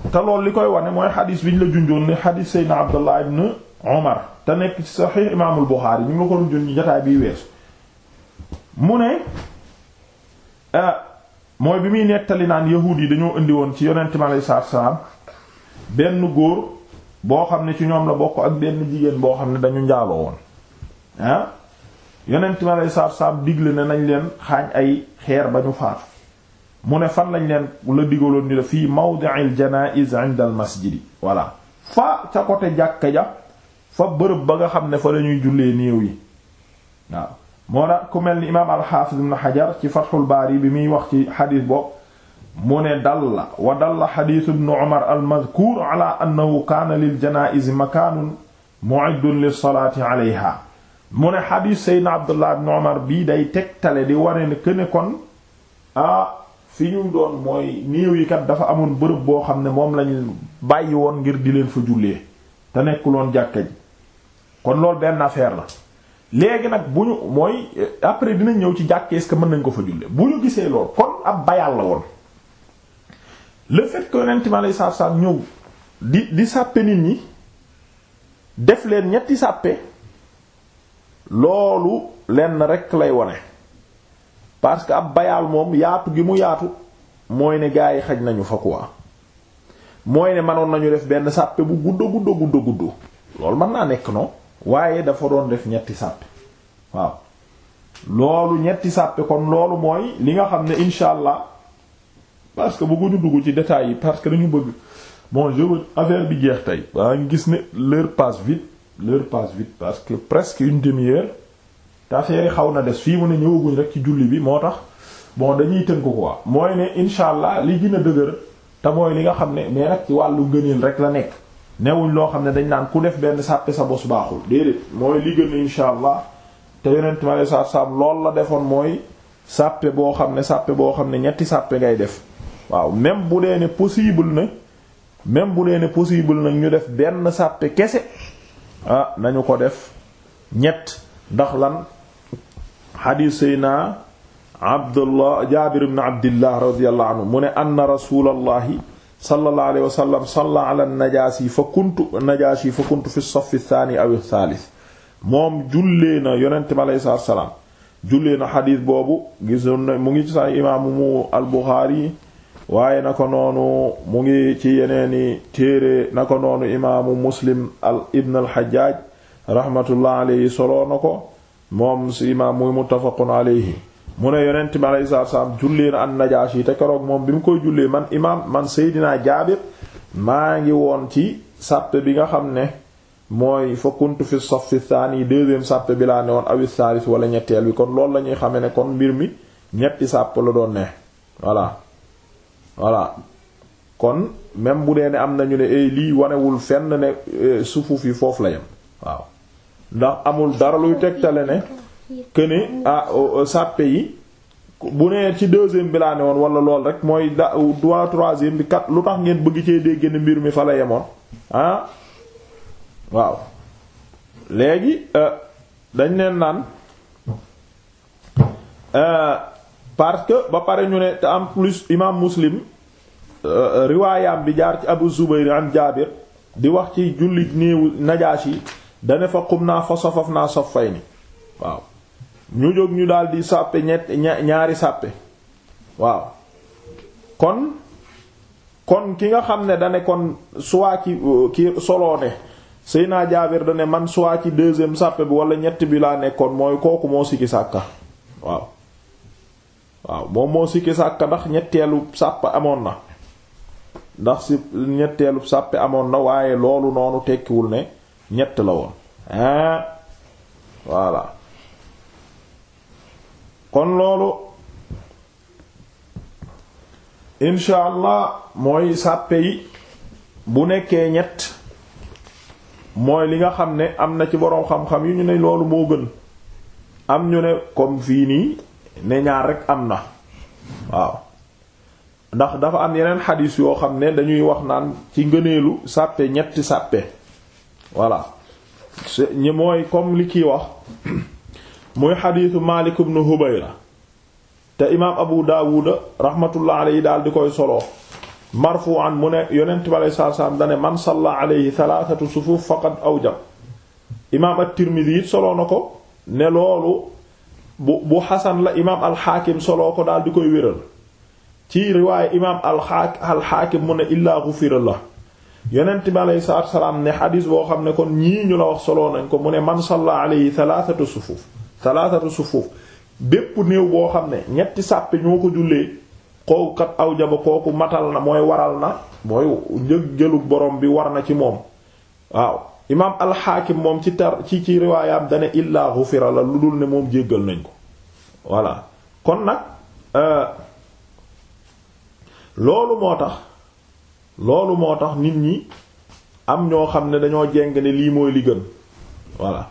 te loolu li koy wane mooy xadis bi ñu la junjoon ne xadis Seydina Abdullah ibn Umar te nekk ci sa saxiix imaamul Buxaari ñu ngi ko doon junj jotaay bii weesu mu ne ah, mooy bi muy nettali naan yahuud yi dañoo indi woon ci yonent mi alayhi salaatu salaam benn góor boo xam ne ci ñoom la bokk ak benn jigéen boo xam ne dañu njaaloo woon ah yonent mi alayhi salaatu digle ne nañ leen xaañ ay xeer ba ñu faatu mu ne fan lañ leen la digaloon ni la fii mawdi'il janaiz 'inda voilà fa ca côté jàkka ja fa bërëb ba nga xam ne fa la ñuy jullee néew yi waaw moo na ku mel ni imaam alxaafiz ibn xajar ci fatxul baari bi muy wax ci xadiis bopp mu ne dalla wa dalla xadiis ibn umar almadkuur ala annahu kaana lil janaiz makaanun mu'iddun mu ne bii day tegtale di wane ne këne kon ah fi ñu doon mooy néew yi kat dafa amoon bërëb boo xam ne moom lañ bàyyi woon ngir di leen fa jullee te nekkuloon jàkka ji kon loolu benn affaire la léegi nag bu ñu mooy eh, après dina ñëw ci jàkkee est mën nañ ko fa jullee bu ñu gisee lool kon ab bayal la woon le fait que yonent mi alayhi salaatu ñëw di di sàppe nit ñi def leen ñetti sàppe loolu lenn rekk lay wone parce que ab bayaal moom yaatu gi mu yaatu mooy ne gaa yi xaj nañu fa quoi mooy ne mënoon nañu def benn sàppe bu guddo guddo guddo guddo loolu mën naa nekk non waaye dafa doon def ñetti sàppe waaw loolu ñetti sàppe kon loolu mooy li nga xam ne incha allah parce que bëgguñu dugg ci détails yi parce que dañu bëgg moo je veux bi jeex tey waa ngi gis ne l'heure passe vite l'heure passe vite parce que presque une demi-heure te xaw na des fii mu ne ñëwaguñ rek ci julli bi moo tax bon dañuy tënk quoi mooy ne incha allah li gën a dëgër te li nga xam ne mais nag ci wàllu ngëneel rek la nekk newuñ loo xam ne dañ naan ku def benn sàppe sa bos baaxul déedéet mooy li gën incha allah te yonent ma sa lool la defoon mooy sàppe boo xam ne sàppe boo xam ne ñetti sàppe ngay def waaw même bu dee ne possible na même bu dee ne possible na ñu def benn sàppe kese ah nañu ko def ñett ndax lan xadiis sayna abdullah jaabir ibn abdillah radiyallahu anhu mu ne anna rasulallahi sallallahu alayhi wa sallam salla ala najaasi fa kuntu najaasi fa kuntu fi safi thani aw thalith moom jullee na yonent bi alayhi salaatu wa salaam jullee na xadiis boobu gisoon na mu ngi ci sax imaamu al Buxaari waaye na ko noonu mu ngi ci yeneeni téere na ko noonu imaamu muslim al ibn al Hajjaaj rahmatullah alayhi soloo na ko moom si imaam muy muttafaqun alayhi mu ne yonent bi alayhi salaatu salaam jullee na an yi te korook moom bi mu koy jullee man imaam man Seydina Jaabir maa ngi woon ci sàppe bi nga xam ne mooy fa kuntu fi saffi thani deuxième sàppe bi laa ne woon awi thalith wala ñetteel bi kon loolu la ñuy xamee ne kon mbir mi ñetti sàpp la doon ne voilà voilà kon même bu dee ne am nañu ne eh, lii wanewul fenn ne eh, sufuuf yi foofu la yem waaw ndax amul dara luy tegtale ne que ne ah oh, oh, sàppe yi bu nee ci deuxième bi laa ne woon wala lool rek mooy da waa troisième bi kat lu tax ngeen bëgg cee dégg ne mbir mi fa la yemoon ah waaw léegi euh, dañ leen naan euh, parce que ba pare ñu ne te am plus imam muslim euh, riwaayam bi jaar ci abu zubayr an jaabir di wax ci jullit néewu yi dane fa xum naa fa safaf naa saf fay ni waaw ñu jóg ñu daal di sàppe ñett ñaari sàppe waaw kon kon ki nga xam ne dane kon soit ci ki soloo ne sëy naa jaabir dane man soit ci deuxième sàppe bi wala ñett bi laa nekkoon mooy kooku moo sikki sàkka waaw waaw moom moo sikki sàkka ndax ñetteelu sàpp amoon na ndax si ñetteelu sàppe amoon na waaye loolu noonu tekkiwul ne ñett la woon hein voilà kon loolu insha allah mooy sàppe yi bu nekkee ñett mooy li nga xam ne am na ci boroom xam-xam yu ñu ne loolu moo gën am ñu ne comme fii nii ne ñaar rek am na waaw ndax dafa am yeneen xadiis yoo xam ne dañuy wax naan ci ngëneelu sàppe ñetti sàppe voilà ñi mooy comme li kii wax muy xadiisu Maalik ibn Hubayra te imaam Abu Daawuda rahmatullah alayhi daal di koy solo marfu'an mu ne yonent bi alayhi salaatu man salla alayhi thalathatu sufuf faqad awjab imaam at-Tirmidhi it na ko ne loolu bu bu xasan la imaam al-Hakim ko daal di koy wéral ci riwaaya imaam al mu ne illaa ghufira lahu yonent bi alayhi salaatu wasalaam ne xadis boo xam ne kon ñii ñu la wax soloo nañ ko mu ne man salla alayhi thalathatu sufuuf thalathatu sufuuf bépp néew boo xam ne ñetti sàppe ñoo ko jullee kooku kat aw jaba kooku matal na mooy waral na mooy njëg jëlu borom bi war na ci moom waaw imaam alxaakim moom ci tar ci ci riwaayaam dane illaa xufira la lu dul ne moom jéggal nañ ko voilà kon nag euh, loolu moo tax loolu moo tax nit ñi am ñoo xam ne dañoo jeng ne lii mooy li gën voilà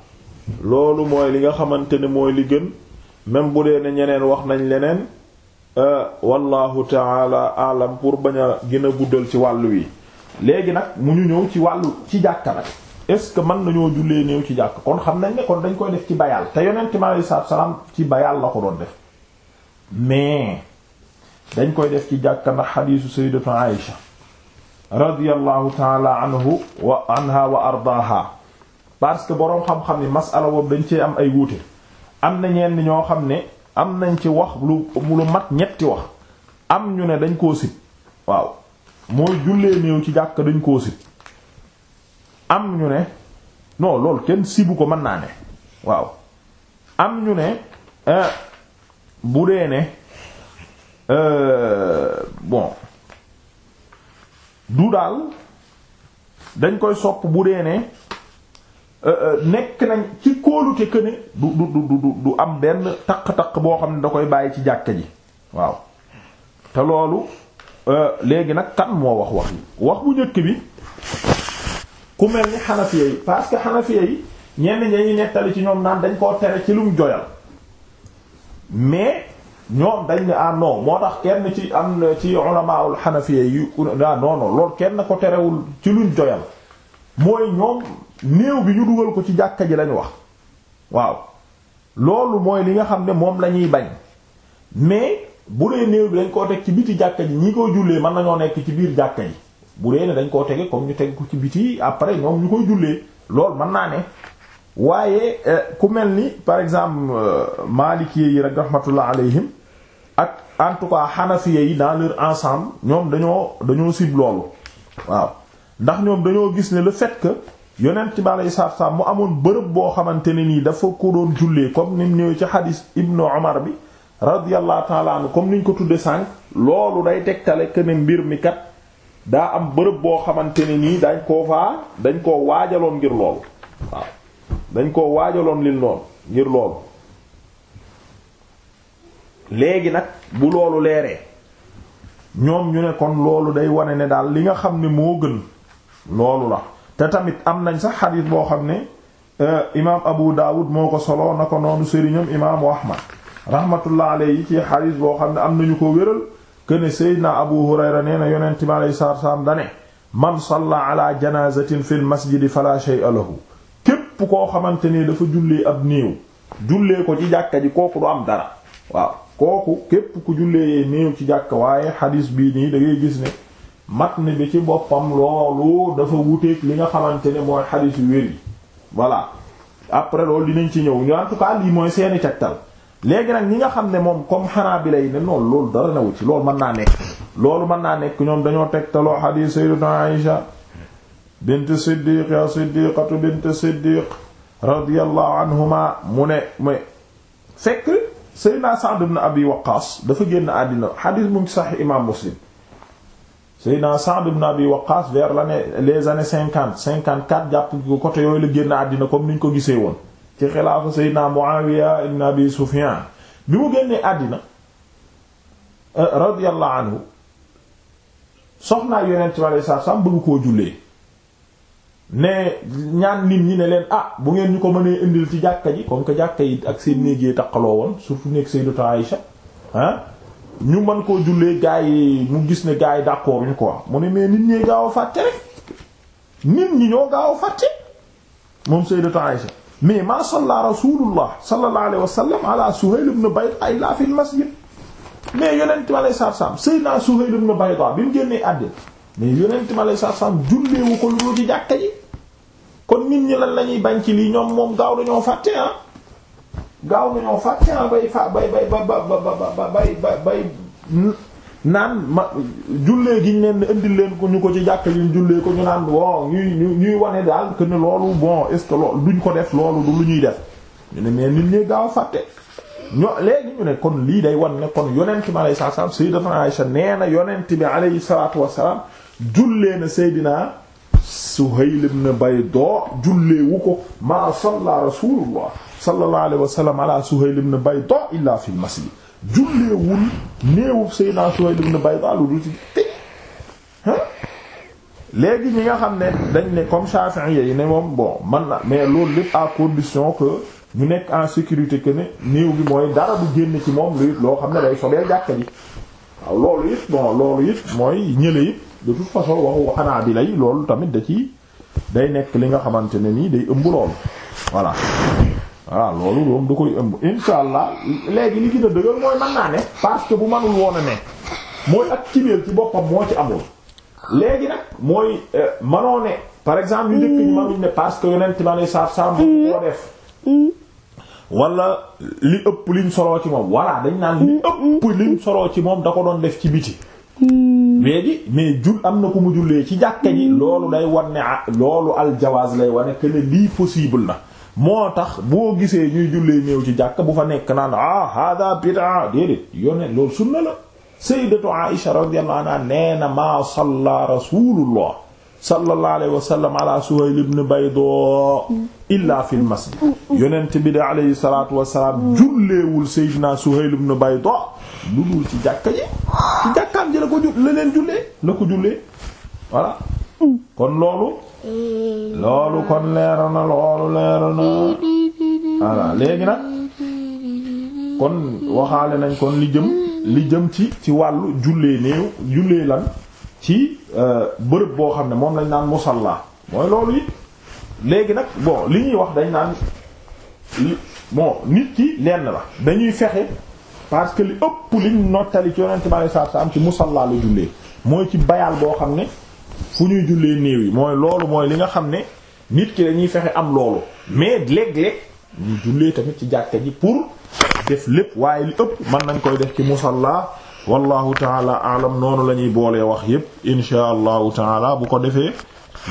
loolu mooy li nga xamante ne mooy li gën même bu dee ne ñeneen wax nañ leneen euh, wallahu taala alam pour bañ a gën a guddal ci wàll wi léegi nag mu ñu ñëw ci wàll ci jàkka nag est-ce que mën nañoo jullee néew ci jàkk kon xam nañ ne kon dañ koy def ci bayal te yonent mi alayhi salaatu salaam ci bayal la ko doon def mais dañ koy def ci jàkka ndax xadiisu sayyidatu Aïsha radiyallahu taala anhu wa anha wa ardaaha parce que boroom xam-xam ni masala boobu dañ cee am ay wuute am na ñenn ñoo xam ne am nañ ci wax lu lu mat ñetti wax am ñu ne dañ koo sib waaw mooy jullee néew ci jàkk dañ koo sib am ñu ne non lool kenn sibu ko mën naa ne waaw am ñu ne eh, bu dee ne eh, bon du daal dañ koy sopp bu dee ne euh, euh, nekk nañ ci kóolute que ne du du du du du am benn taq-taq boo xam ne da koy bàyyi ci jàkka ji waaw te loolu euh, léegi nag kan moo wax wax yi wax bu njëkk bi ku mel ni xanafiya yi parce que xanafiya yi ñenn ñi nettali ci ñoom naan dañ koo tere ci lum joyal mais. ñoom dañ ne ah non moo tax kenn ci am ci ulamaul xanafiya yu ah non non loolu kenn ko terewul ci luñ joyal mooy ñoom néew bi ñu dugal ko ci jàkka ji lañ wax waaw loolu mooy li nga xam ne moom la ñuy bañ mais bu dee néew bi dañ koo teg ci biti jàkka ji ñi koy jullee mën nañoo nekk ci biir jàkka ji bu dee ne dañ koo tege comme ñu teg ko ci biti après ñoom ñu koy jullee lool mën naa ne waaye eh, ku mel ni par exemple euh, maalikee yi rek rahmatullah ak en tout cas xanafiya yi dans leur ensemble ñoom dañoo dañoo sib loolu waaw ndax ñoom dañoo gis ne le fait que yonent bi aleyhi salaatu salaam mu amoon bërëb boo xamante ne nii dafa ko doon jullee comme ni mu ñëwee ci xadiis ibnu Omar bi radiyallahu taala anhu comme niñ ko tudde sànq loolu day tegtale que mbir mi kat daa am bërëb boo xamante ne nii dañ koo faa dañ koo waajaloon ngir loolu waaw dañ ko waajaloon lii loolu ngir loolu léegi nag bu loolu leeree ñoom ñu ne kon loolu day wane ne daal li nga xam ne moo gën loolu la te tamit am nañ sax xadiis boo xam ne euh, imaam Abu Dawud moo ko soloo na ko noonu sëriñam imaamu Ahmad rahmatullah yi ci xadiis boo xam ne am nañu ko wéral kuene Seydina Abu Hurayra nee na yonent mi aleyi salaatu salaam dane man salla ala janazatin fil masjidi fala shay'a lahu képp koo xamante ni dafa jullee ab néew jullee ko ci jàkka ji kooku du am dara waaw kooku képp ku jullee néew ci jàkk waaye xadiis bii nii da gis ne matn bi ci boppam loolu dafa wuteeg li nga xamante ne mooy xadiis yu wér yi voilà après loolu dinañ ci ñëw ñu en tout cas lii mooy seeni tegtal léegi nag ñi nga xam ne moom comme xanaa bi lay ne noonu loolu dara newu ci loolu mën naa nekk loolu mën naa nekk ñoom dañoo tegtaloo xadiis sayyidatuna Aïsha bint siddiq ya siddiqatu bint siddiq radiyallahu anhuma mu ne mais fekk Seydina Sa'd ibn Abi Waqqas dafa génn àddina xadiis mu ngi sax imaam Muslim Seydina Sa'd ibn Abi Waqqas vers l'année les années cinquante cinquante quatre jàpp ko côté yooyu la génn àddina comme niñ ko gisee woon ci xilaafa Seydina Muawiya ibn Abi Sufyan bi mu génnee àddina euh, radiyallahu anhu soxnaa Yonent bi sallallahu alayhi wasallam jullee ne ñaan nit ñi ne leen ah bu ngeen ñu ko mënee indil ci jàkka ji comme que jàkka yi ak seen néeg yi taqaloo woon surtout néeg Sayyidatu Aïsha ah ñu mën koo jullee gaa yi mu gis ne gaa yi d'accord ñu quoi mu ne mais nit ñee gaaw a fàtte rek nit ñi ñoo gaaw a fàtte moom Sayyidatu Aïsha mais ma salla rasulullah sallallahu alayhi wa sallam ala Suhayl ibn Bayda illa fil masjid mais yonent mi alayhi salaatu salaam Sayyidina Suhayl ibn Bayda bi mu génnee àddina mais yonent mi alayhi salaatu salaam ko lu ci jàkka ji kon nit ñi lan la ñuy bañ ci lii ñoom moom gaaw dañoo fàtte ah gaaw dañoo fàtte ah bay bay bay ba ba ba bay bay naan ma jullee gi ñu leen indil leen ko ñu ko ci jàkk leen jullee ko ñu naan bon ñuy ñuy wane daal que ne loolu bon est ce que loolu duñ ko def loolu du lu ñuy def ñu ne mais nit ñi gaaw fàtte. ño léegi ñu ne kon lii day wan ne kon yonent bi alayhi salaam sayyidatuna Aisha nee na yonent bi alayhi salaatu wa salaam jullee na Seydina. Suhayl ibn Bayda julleewu ko maa salla rasulullah sallallahu alayhi wa sallam ala Suhayl ibn Bayda illa fi masjid julleewul néewub Seydina Suhayl ibn Bayda lu dul ci tëj léegi ñi nga xam ne dañ ne comme Shafi'i yi ne moom bon man na mais loolu lépp à condition que ñu nekk en sécurité que ne néew bi mooy dara du génn ci moom lu it loo xam ne day sobee jàkka ji waaw loolu it bon loolu it mooy ñële it de toute façon waxu xanaa bi lay loolu tamit da ci day nekk li nga xamante ne nii day ëmb loolu voilà voilà loolu moom da koy ëmb insha allah léegi li gën a dëgër mooy mën naa ne parce que bu manul woon a nekk mooy ak cibeel ci boppam moo ci amul léegi nag mooy euh, manoo ne par exemple yu njëkk ñu manuñ ne parce que yonent ma ne saaf saaf bu ko def wala li ëpp liñ soloo ci moom voilà dañ naan li ëpp liñ soloo ci moom da ko doon def ci biti léegi hmm. mais jul am na ku mu jullee ci jàkka ji hmm. loolu day wan ne loolu aljawaaz lay wane que ne lii possible na moo tax boo gisee ñuy jullee néew ci jàkka bu fa nekk naan ah hada bid'a déedéet yone loolu sunna la sayyidatu Aisha radiyallahu anha nee na maa salla rasulullah sallallahu alayhi wa sallam ala Suhayl ibn Baydo illa fil masjid yonent bi de alayhi salaatu wa julleewul Seydina Suhayl ibn Baydo lu dul ci jàkka ji ci jàkkaam ji la ko ju jullee la ko jëm ci ci wàllu jullee néew jullee lan ci euh, bërëb boo xam ne moom lañ naan musalla mooy loolu it léegi nag bon li ñuy wax dañ naan moo nit ki lenn la dañuy fexe parce que li ëpp liñ nottali ci yonente bi alei satu salaam ci musalla la jullee mooy ci bayaal boo xam ne fu ñuy jullee néew yi mooy loolu mooy li nga xam ne nit ki dañuy fexe am loolu mais léeg-léeg ñu jullee tamit ci jàkka ji pour def lépp waaye li ëpp mën nañ koy def ci musalla wallahu taala alam noonu la ñuy boolee wax yépp insha allahu taala bu ko defee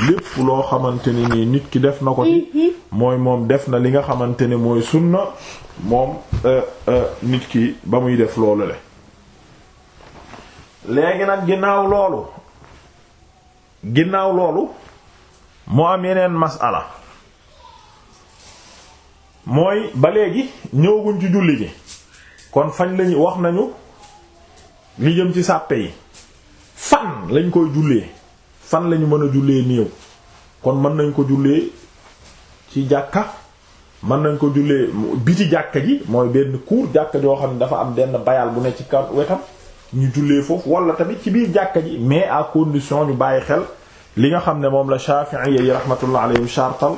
lépp loo xamante ni nii nit ki def na ko ci mooy moom def na li nga xamante ne mooy sunna moom euh, euh, nit ki ba muy def loolu le léegi nag ginnaaw loolu ginnaaw loolu moo am yeneen masala mooy ba léegi ñëwaguñ ci julli ji kon fañ lañu wax nañu li jëm ci sàppe yi fan lañ koy jullee fan lañu mën a jullee néew kon mën nañ ko jullee ci jàkka mën nañ ko jullee biti jàkka ji mooy benn cour jàkka joo xam ne dafa am benn bayal bu ne ci kaw wetam ñu jullee foofu wala tamit ci biir jàkka ji mais à condition ñu bàyyi xel li nga xam ne moom la Shafi'i yi rahmatullah alayhim shartal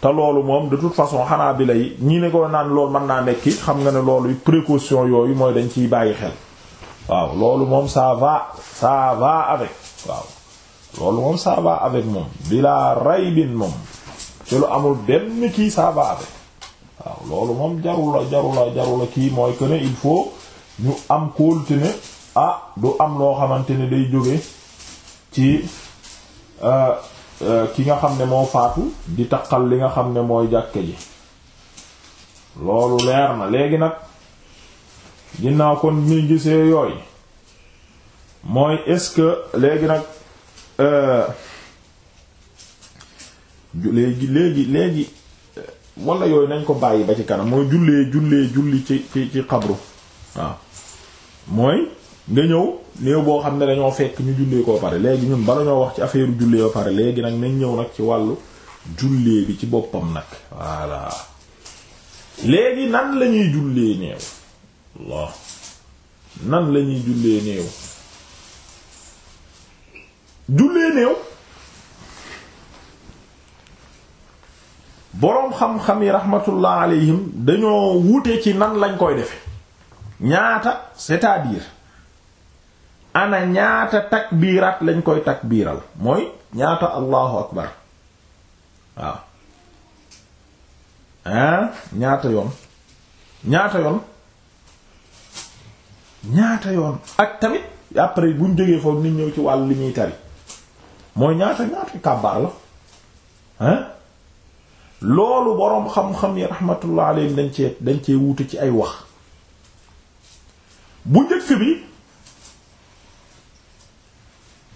te loolu moom de toute façon xanaa bi lay ñi ne ko naan loolu mën naa nekki xam nga ne loolu précaution yooyu mooy dañ ciy bàyyi xel waaw loolu moom ça va ça avec waaw loolu moom ça va avec moom bila raybin moom ci lu amul benn kii ça avec waaw loolu moom jarula jarula jarula kii mooy que ne il faut ñu am kóolute ne ah du am loo xamante ne day jóge ci euh, euh, ki nga xam ne moo faatu di taqal li nga xam ne mooy jàkke ji loolu leer na léegi nag ginnaaw kon ñuy gisee yooyu mooy est-ce que léegi nag euh, léegi léegi léegi euh, wala yooyu nañ ko bàyyi ba ci kanam mooy jullee jullee julli ci ci ci xabru waaw mooy nga ñëw néew boo xam ne dañoo fekk ñu jullee koo pare léegi ñun bala wax ci affaire jullee ba pare léegi nañ ñëw nag ci wàllu jullee bi ci boppam nag voilà léegi nan lañuy jullee néew Allah nan lañuy jullee néew jullee néew boroom xam-xam yi rahmatullah alayhim dañoo wuute ci nan lañ koy defe ñaata c'est-à-dire ana ñaata takbiiraat lañ koy takbiiral mooy ñaata allahu akbar waaw ah ñaata yoon ñaata yoon ñaata yoon ak tamit après buñ jógee foofu nit ñëw ci wàll li ñuy tari mooy ñaata ñaata kàbbaar la hein loolu boroom xam-xam yi rahmatullah alayhim dañ cee dañ cee wuute ci ay wax bu njëkk bi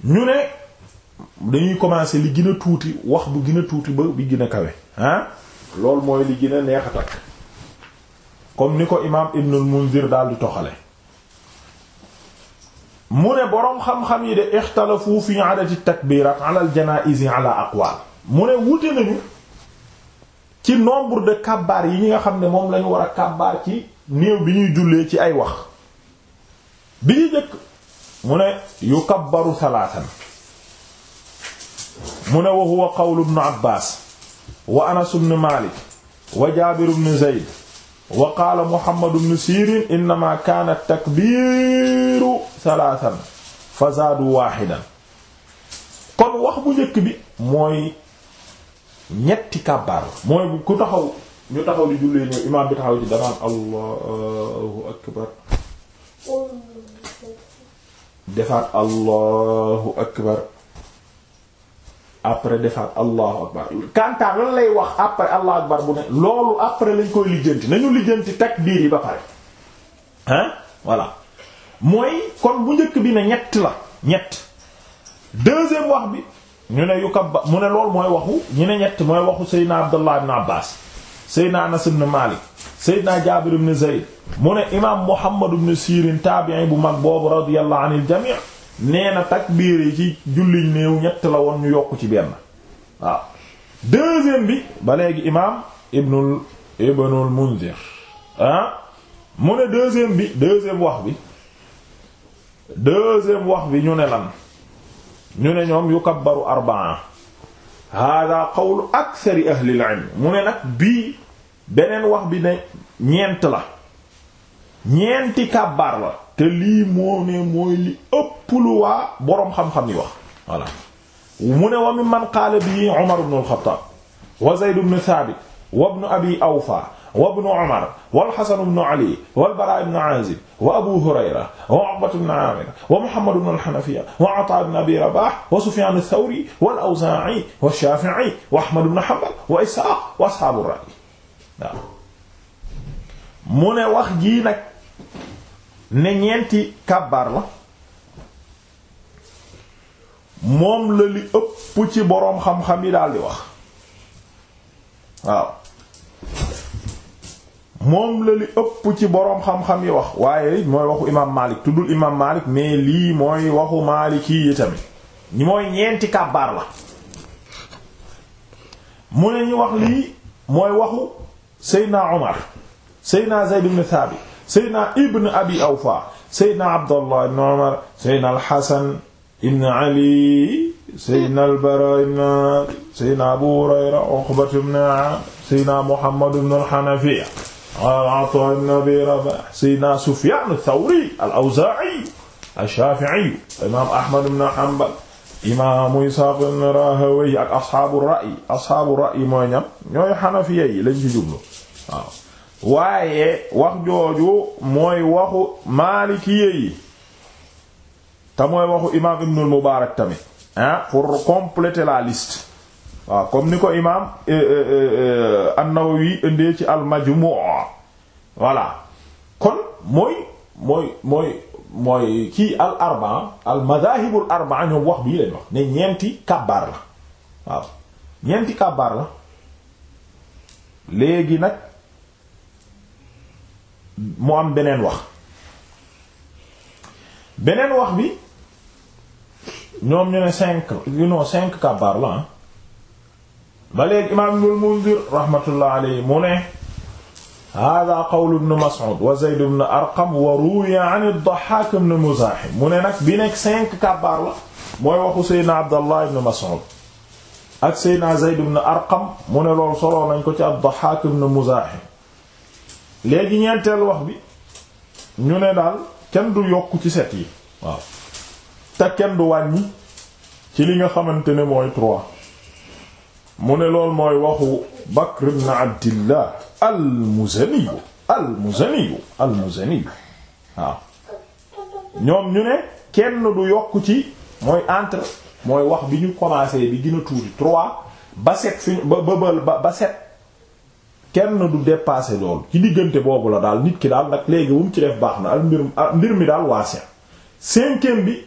ñu ne dañuy commencer li gën a tuuti wax bu gën a tuuti ba bi gën a kawe ah loolu mooy li gën a neex a takk comme ni ko imaam Ibnul Munzir daal di toxale mu ne boroom xam-xam yi de ixtalafu fi adati takbirat ala al janaizi ala aqwal mu ne wute nañu ci nombre de kabbaar yi ñi nga xam ne moom lañu war a kabbaar ci néew bi ñuy jullee ci ay wax bi ñu jëkk mu ne yukabbaru salaatan mu ne wa huwa qawlu ibn abbas wa anas ibn malik wa jabir ibn zayd wa qaala Muhammad ibn Sirin innama kaana takbiiru thalathan fa zaadu waahidan kon wax bu njëkk bi mooy ñetti kàbbaar mooy ku taxaw ñu taxaw di jullee ñëw imaam bi taxaw ci danaan allahu akbar defaat allahu akbar après defaat allahu akbar kantaar lan lay wax après allahu akbar bu ne loolu après lañ koy lijjanti nañu lijjanti takbiir yi ba pare hein voilà mooy kon bu njëkk bi ne ñett la ñett deuxième wax bi ñu ne yu kabba mu ne lool mooy waxu ñu ne ñett mooy waxu seydna abdullah ibn abbas seydna anas ibn malik seydna jabir bu mag boobu radiyallahu anil jami' nee na takbiir yi ci julliñ néew ñett la woon ñu yokk ci benn waaw deuxième bi ba léegi imaam ibnul ibnul munzir ah mu ne deuxième bi deuxième wax bi deuxième wax bi ñu ne lan ñu ne ñoom yukabbaru arbaa hada qawlu akthari ahlil ilm mu ne nag bii beneen wax bi ne ñeent la ñeenti kàbbaar la te lii moo ne mooy li ëpp lu waa boroom xam-xam yi wax voilà mu ne wa mi man qaala bii Umar ibn al-Khattab wa Zayd ibn Thabit wa ibn Abi Awfa wa ibn Umar wal Hasan ibn Ali wal Bara ibn Azib wa Abu Hurayra wa Uqba ibn Amir wa Muhammad ibn al-Hanafiya wa Ata ibn Abi Rabah wa Sufyan ath-Thawri wal Awza'i wa Shafi'i wa Ahmad ibn Hanbal wa Ishaq wa ashabu ar-ra'y waaw mu ne wax jii nag ne ñeenti kàbbaar la moom la li ëpp ci boroom xam-xam yi daal di wax waaw moom la li ëpp ci boroom xam-xam yi wax waaye mooy waxu imaam Maalik tuddul imaam Maalik mais lii mooy waxu Maaliki yi tamit mooy ñeenti kàbbaar la mu ne ñu wax lii mooy waxu Seydina Omar Seydina Zayd ibn Seydina Ibn Abi Awfa Seydina Abdallah ibn Umar Seydina Al-Hasan ibn Ali Seydina Al-Bara ibn Seydina Abu Hurayra Uqba ibn Seydina Muhammad ibn Al-Hanafiya Ata ibn Abi Rabah Seydina Sufyan Ath-Thawri Al-Awza'i Ash-Shafi'i Imam Ahmad ibn Hanbal imaamu Isaaq ibn Rahawayh ak ashaabu ra'yi ashaabu ra'yi mooy ñam ñooy Hanafiya yi lañ ci jublu waaw waaye wax jooju mooy waxu maalikiyé yi te mooy waxu imaam ibnul mubaarak tamit hein ah, pour compléter la liste waaw comme ni ko imaam eh, eh, eh, an indee ci al-Majmu' voilà kon mooy mooy mooy mooy kii al arbaa al madahibul arbaa ñoom wax bii lañ wax ne ñeenti kàbbaar la waaw ñeenti kàbbaar la léegi nag mu am beneen wax beneen wax bi ñoom ñu ne cinq yu non cinq kabaar la ah ba léegi imaam ibnul Munzir rahmatullah alayhi mu ne hada qawlu ibn Mas'ud wa Zayd ibn Arqam wa ruwiya an ad-Dahhak ibn Muzahim mu ne nag bi nekk cinq kabaar la mooy waxu Seydina Abdallah ibn Mas'ud ak Seydina Zayd ibn Arqam mu ne loolu soloo nañ ko ci ad-Dahhak ibn Muzahim léegi ñeenteel wax bi ñu ne daal kenn du yokk ci set yi waaw te kenn du wàññi ci li nga xamante ne mooy trois mu ne lool mooy waxu Bakr ibn Abdillah al-Muzani al-Muzani al-Muzani waaw ñoom ñu ne kenn du yokk ci mooy entre mooy wax bi ñu commencé bi gën tuuti trois ba set fi ba ba ba set kenn du dépasser loolu ci diggante boobu la daal nit ki daal nag léegi bu mu ci def baax na ak mbir mbir mi daal waase cinquième bi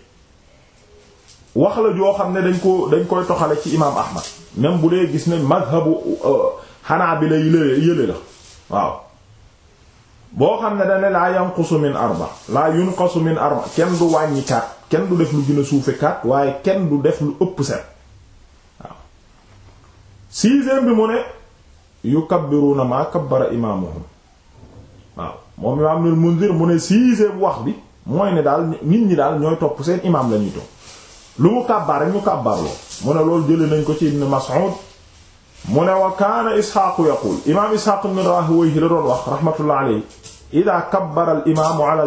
wax la joo xam ne dañ ko dañ koy toxale ci imaam Ahmad même bu dee gis nañ mazhabu euh, Hanabila yële la waaw boo xam ne dane laa yanqusu min arba laa yunqasu min arba kenn du wàññi kenn du def lu gën a suufe waaye kenn du def lu ëpp set waaw sixième bi mu ne yukabbiruuna maa kabbara imaamuhum waaw moom imaam nul mundir mu ne sixième wax bi mooy ne daal nit ñi daal ñooy topp seen imaam la ñuy topp lu mu kàbbar rek ñu kàbbarloo mu ne loolu jële nañ ko ci ibn Mas'ud mu ne wa kaana isxaaqu yaquul imaam isxaaq ibn Raahawayhi la doon wax rahmatullah alayhi ida kabbara al imaamu ala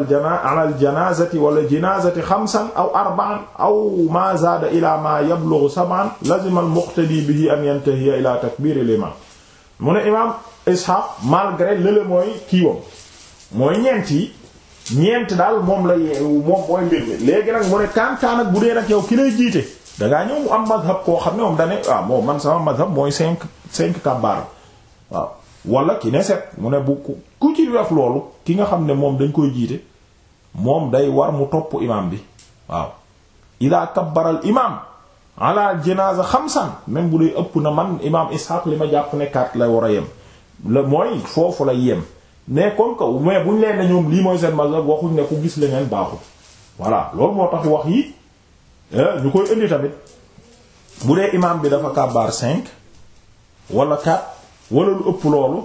al janaazati wala jinaazati xamsan aw arba'an aw maa zaada ila maa yablughu sab'an lazima al muqtadi bihi an yantahiya ila takbiir al imaam mu ne imaam Ishaq malgré lële mooy kiiwam mooy ñeent yi ñeent daal moom la moom mooy mbir mi léegi nag mu ne kantaan ak bu dee nag yow ki lay jiite dangaa ñëw mu am mazhab koo xam ne moom dane waaw ah, moom man sama mazhab mooy cinq cinq kàbbaar waaw wala ki ne set mu ne bu ku ci def loolu ki nga xam ne moom dañ koy jiite moom day war mu topp imaam bi waaw ida kabbaral imaam ala jinaza xamsan même bu dee ëpp na man imaam Ishaq li ma jàpp ne quatre la war a yem la mooy foofu lay yem mais kaw que bu buñ leen ne ñoom lii mooy seen mazhab waxuñ ne ku gis leneen baaxu voilà loolu moo tax wax yi eh, ñu koy indi tamit bu dee imaam bi dafa kàbbaar cinq wala quatre wala lu ëpp loolu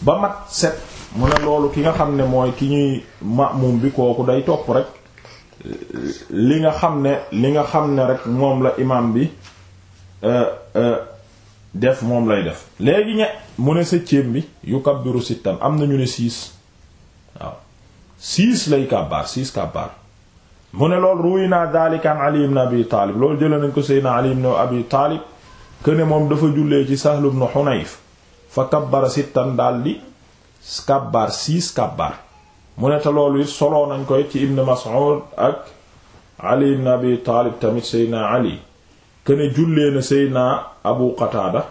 ba mat set mu ne loolu ki nga xam ne mooy ki ñuy ma'mum bi kooku day topp rek li nga xam ne li nga xam ne rek moom la imaam bi euh, euh, def moom lay def léegi ñe mu ne septième bi yu kabbiru sittan am na ñu ne six waaw six lay kàbbaar six kàbbaar mu ne loolu ruy naa daalika an ali ibn taalib loolu jëlee nañ ko seydna ali ibn abi taalib ne moom dafa jullee ci sahl ibn hunayf fa kabbara sittan daldi kàbbaar six kàbbaar mu ne te loolu it soloo nañ koy ci Ibn Mas'ud ak Ali ibn Abi Taalib tamit Seydina Ali kene jullee na Seydina Abu Qataada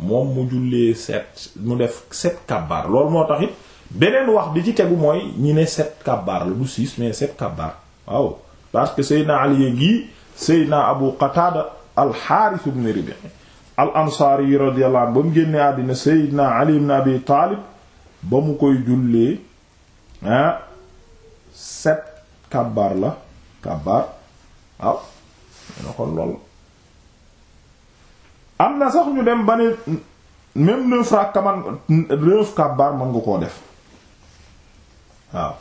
moom mu jullee set mu def set kabbaar loolu moo taxit it beneen wax bi ci tegu mooy ñi ne set kabbaar la du six mais set kabbaar waaw parce que Seydina Ali yéegii Seydina Abu Qataada al-Haaris ibn Rabi' al-Ansaari radiyallahu anhu ba mu génnee àddina Seydina Ali ibn Abi ba mu koy jullee ah sept la kabbaar waaw ñu ne kon lool am na sax ñu dem ba ne même neuf rakka man neuf kabbaar mën nga koo def waaw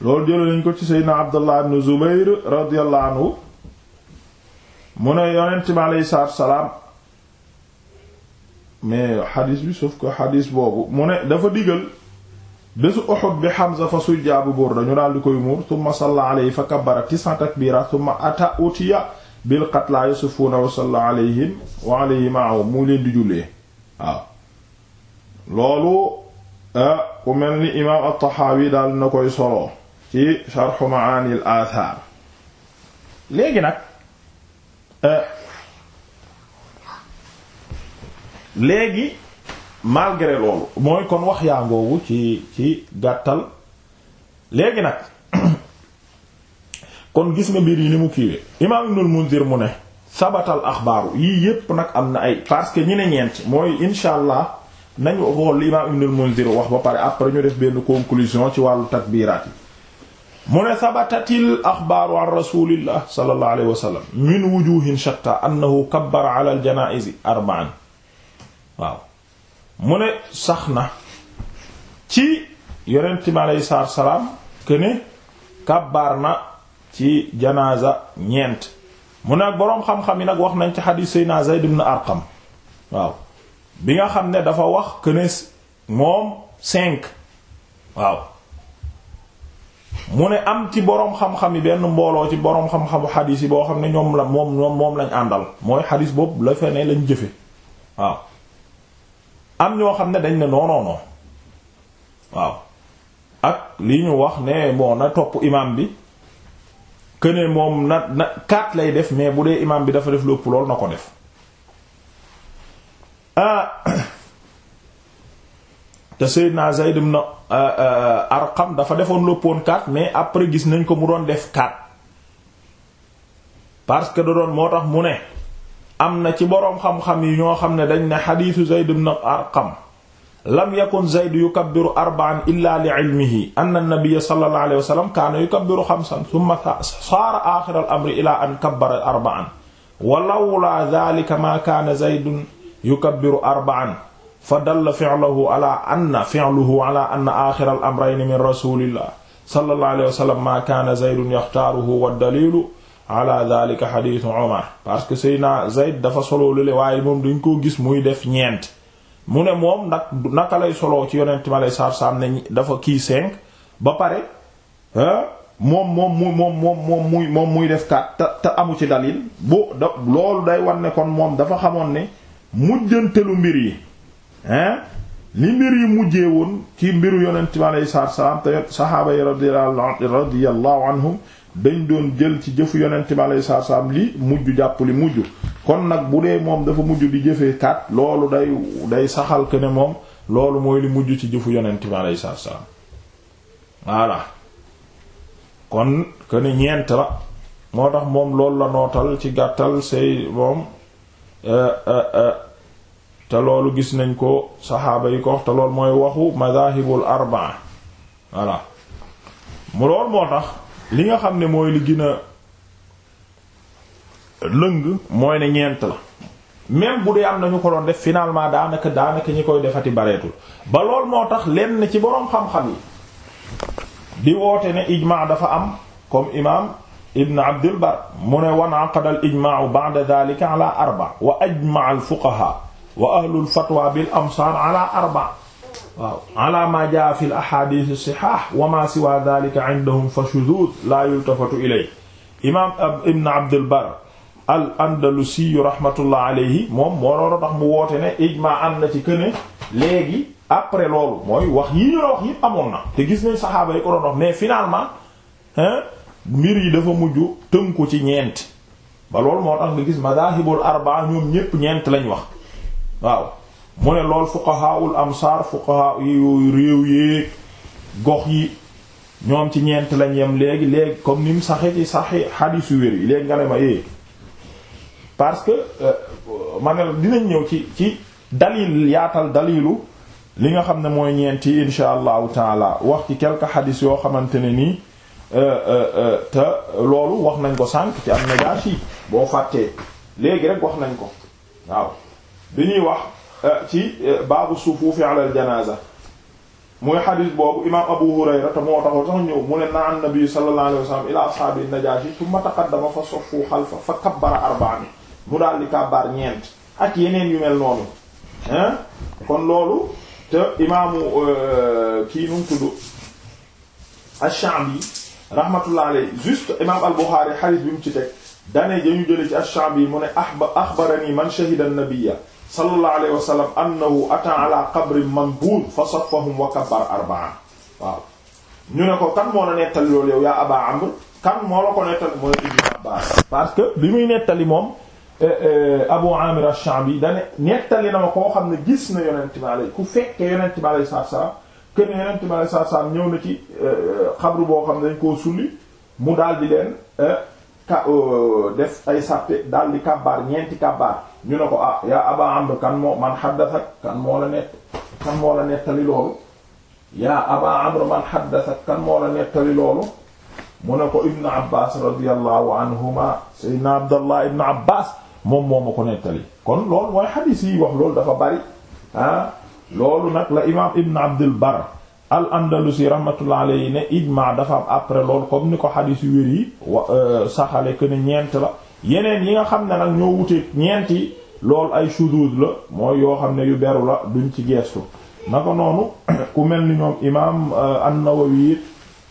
loolu jële nañ ko ci seydna abdullah ibn zubayr radiyallahu anhu mu ne yonent bi aleyhi salaam mais xadiis bi sauf que xadiis boobu mu ne dafa digal bésu Uhud bi Hamza fa suy jaabu buur dañu daal di koy muur summa salla alayhi fa kabbara tis'a takbira summa ata utiya bil qatlaa yusufuuna wa salla alayhim wa alayhi ma'ahu mu leen di jullee waaw loolu eh, ku mel ni imaam at-Tahawi daal na koy soloo ci sharhu ma'aani al-aathar léegi nag eh, léegi malgré loolu mooy kon wax yaa ngoogu ci ci gàttal léegi nag kon gis nga mbir yi ni mu kiiwee imaam Ibnul Munzir mu ne sabatal axbaaru yii yépp nag am na ay parce que ñi ne ñeent mooy insha allah nañu xool imaam Ibnul Munzir wax ba pare après ñu def benn conclusion ci wàllu takbiraat yi mu ne sabatatil axbaaru an rasulillah sallallahu alayhi wa min wujuhin shatta annahu kabbara ala al janaizi waaw mu ne sax na ci yonent bi aleyhi salaatu salaam këne ne kàbbaar na ci janaasa ñeent mu ne ak boroom xam-xam yi nag wax nañ ci xadiis Seydina di ibn Arqam waaw bi nga xam ne dafa wax que moom cinq waaw mu ne am ci boroom xam-xam yi benn mbooloo ci boroom xam-xamu xadiis yi boo xam ne ñoom la moom moom lañ àndal mooy xadiis boobu la fene lañ jëfe waaw am ñoo xam ne dañ ne non waaw ak li ñu wax ne bon na topp imam bi que moom na na kaat lay def mais bu dee imam bi dafa def lépp loolu na ko def ah te Seydina Zayd ibn euh, euh, Arqam dafa defoon lëppoon kaat mais après gis nañ ko mu doon def kaat parce que da doon moo tax mu ne am na ci boroom xam-xam yi ñoo xam ne dañ ne xadiisu Zayd ibn Arqam lam yakun Zayd yukabbiru arba'an illa li ilmihi anna an-nabiyya sallallahu alayhi wa sallam kaana yukabbiru xamsan thumma saara aaxiral amri ilaa an kabbara arba'an wa lawlaa dhaalika maa kaana Zaydun yukabbiru arba'an fa dalla fi'luhu ala anna fi'luhu ala anna aaxiral amrayni min rasuulillah sallallahu alayhi wa sallam maa kaana Zaydun yaxtaaruhu wa daliilu ala dhalika hadithu Umar parce que na Zayd dafa solo lule waaye moom dañ koo gis muy def ñeent mu ne moom nag naka lay solo ci yonent ma lay saar saam ne dafa kii cinq ba pare moom moom mu moom muy moom muy def kat te te amu ci dalil bu da loolu day wan nekkoon moom dafa xamoon ne mujjantelu mbir yi hein li mbir yi mujjee woon ci mbiru yonent bi aleyhi salaatu wa te saxaaba yi radiyallahu anhum dañ doon jël ci jëfu yonent bi alayhi salaatu salaam li mujj jàpp li mujj kon nag bu dee moom dafa mujj di jëfee kat loolu day day saxal que ne moom loolu mooy li mujj ci jëfu yonent bi alayhi salaatu salaam voilà kon que ne ñeent la moo tax moom loolu la nootal ci gàttal say moom euh, euh, euh, te loolu gis nañ ko saxaaba yi ko te loolu mooy waxu madahibul arbaa voilà mu loolu moo tax li nga xam ne mooy li gën lëng mooy ne ñeent la même bu dee am nañu ko doon def finalement daanaka daanaka ñi koy defati bareetul ba lool moo tax lenn ci boroom xam-xam yi di woote ne ijmaa dafa am comme imaam ibn abdul bar mu ne wan aqada al ijmaau ba'da dhalika ala arba wa ajmaa al fuqaha wa ahlul fatwa bil amsar ala arba waaw ala ma jaa fi l ahadith sihah wa ma siwa dhalika indahum fa shudud la yultafatu ilay imam ibn abdul bar al andalusi rahmatullah alayhi moom moo mu woote ne ijma am na ci këne léegi après loolu wax yi amoon na te gis nañ saxaaba yi ko doon wax mais finalement mbir yi dafa mujj tënku ci ñeent ba loolu moo tax nga gis madahibul arbaa ñoom ñépp ñeent lañ wax waaw mu ne lool fuqahaul amsaar fuqaha yooyu réew yéeg gox yi ñoom ci ñeent lañ yem léegi léegi comme ni mu saxe ci saxi xadiis yu wér yi léegi nga ne ma eh parce que euh, ma ne dinañ ñëw ci ci dalil yaatal dalilu li nga xam ne mooy ñeenti insha allahu taala wax ci quelques xadiis yoo xamante ne nii euh, euh, te loolu wax nañ ko sànq ci am nagaas yi boo fàttee léegi rek wax nañ ko waaw bi ñuy wax Euh, ci euh, baabu sufuufi ala al janaza muy xadis boobu imaam Abu Hurayra te moo taxoon sax ñëw mu ne na an nabi sallallahu alayhi wa sallam ila ashaabi najashi thumma taqaddama fa saffu xalfa fa kabbara arba'an mu daal di kàbbaar ñeent ak yeneen yu mel noonu hein kon loolu te imaamu euh, kii nu mu tudd ash-Sha'bi rahmatullah alayhi juste imaam al-Bukhari xadis bi mu ci teg dane dañu jële ci ash-Sha'bi mu ne axbarani man shahida an-nabiyya sallallahu alayhi wa sallam annahu ata ala qabrin manbuud fa saffahum wa kabbara arba'a waaw ñu ne ko kan moo la nettali loolu yow yaa Aba Amr kan moo la ko nettali mooy parce que bi muy nettali moom eh, eh, Abu Amir ash-Sha'bi dane nettali na ma koo xam ne gis na yonent bi alay ku fekkee yonent bi alay saa salaam kër yonent bi alay saa salaam ñëw na ci eh, xabru boo xam ne dañ koo sulli mu daal di leen ka euh, def ay sàppe daal di kabbaar ñeenti kabbaar ñu ne ko ah yaa aba amr kan moo la nett kan moo la nettali loolu yaa aba amr man xaddasak kan moo nettali loolu mu ne ko ibnu abbas radiallahu anhuma sayyidina abdallah ibnu abbas moom moo ma nettali kon loolu mooy xadiis yi wax loolu dafa bari ah. loolu nag la imam ibnu al andalusi rahmatullah alayhi ne ijma dafa am après loolu comme ni ko xadiis yu wér yi wa euh, saxale que ne ñeent la yeneen yi nga xam ne nag ñoo wuteeg ñeent yi loolu ay shudud la mooy yoo xam ne yu beru la duñ ci geestu naka noonu ku mel ni ñoom imaam euh, an-Nawawi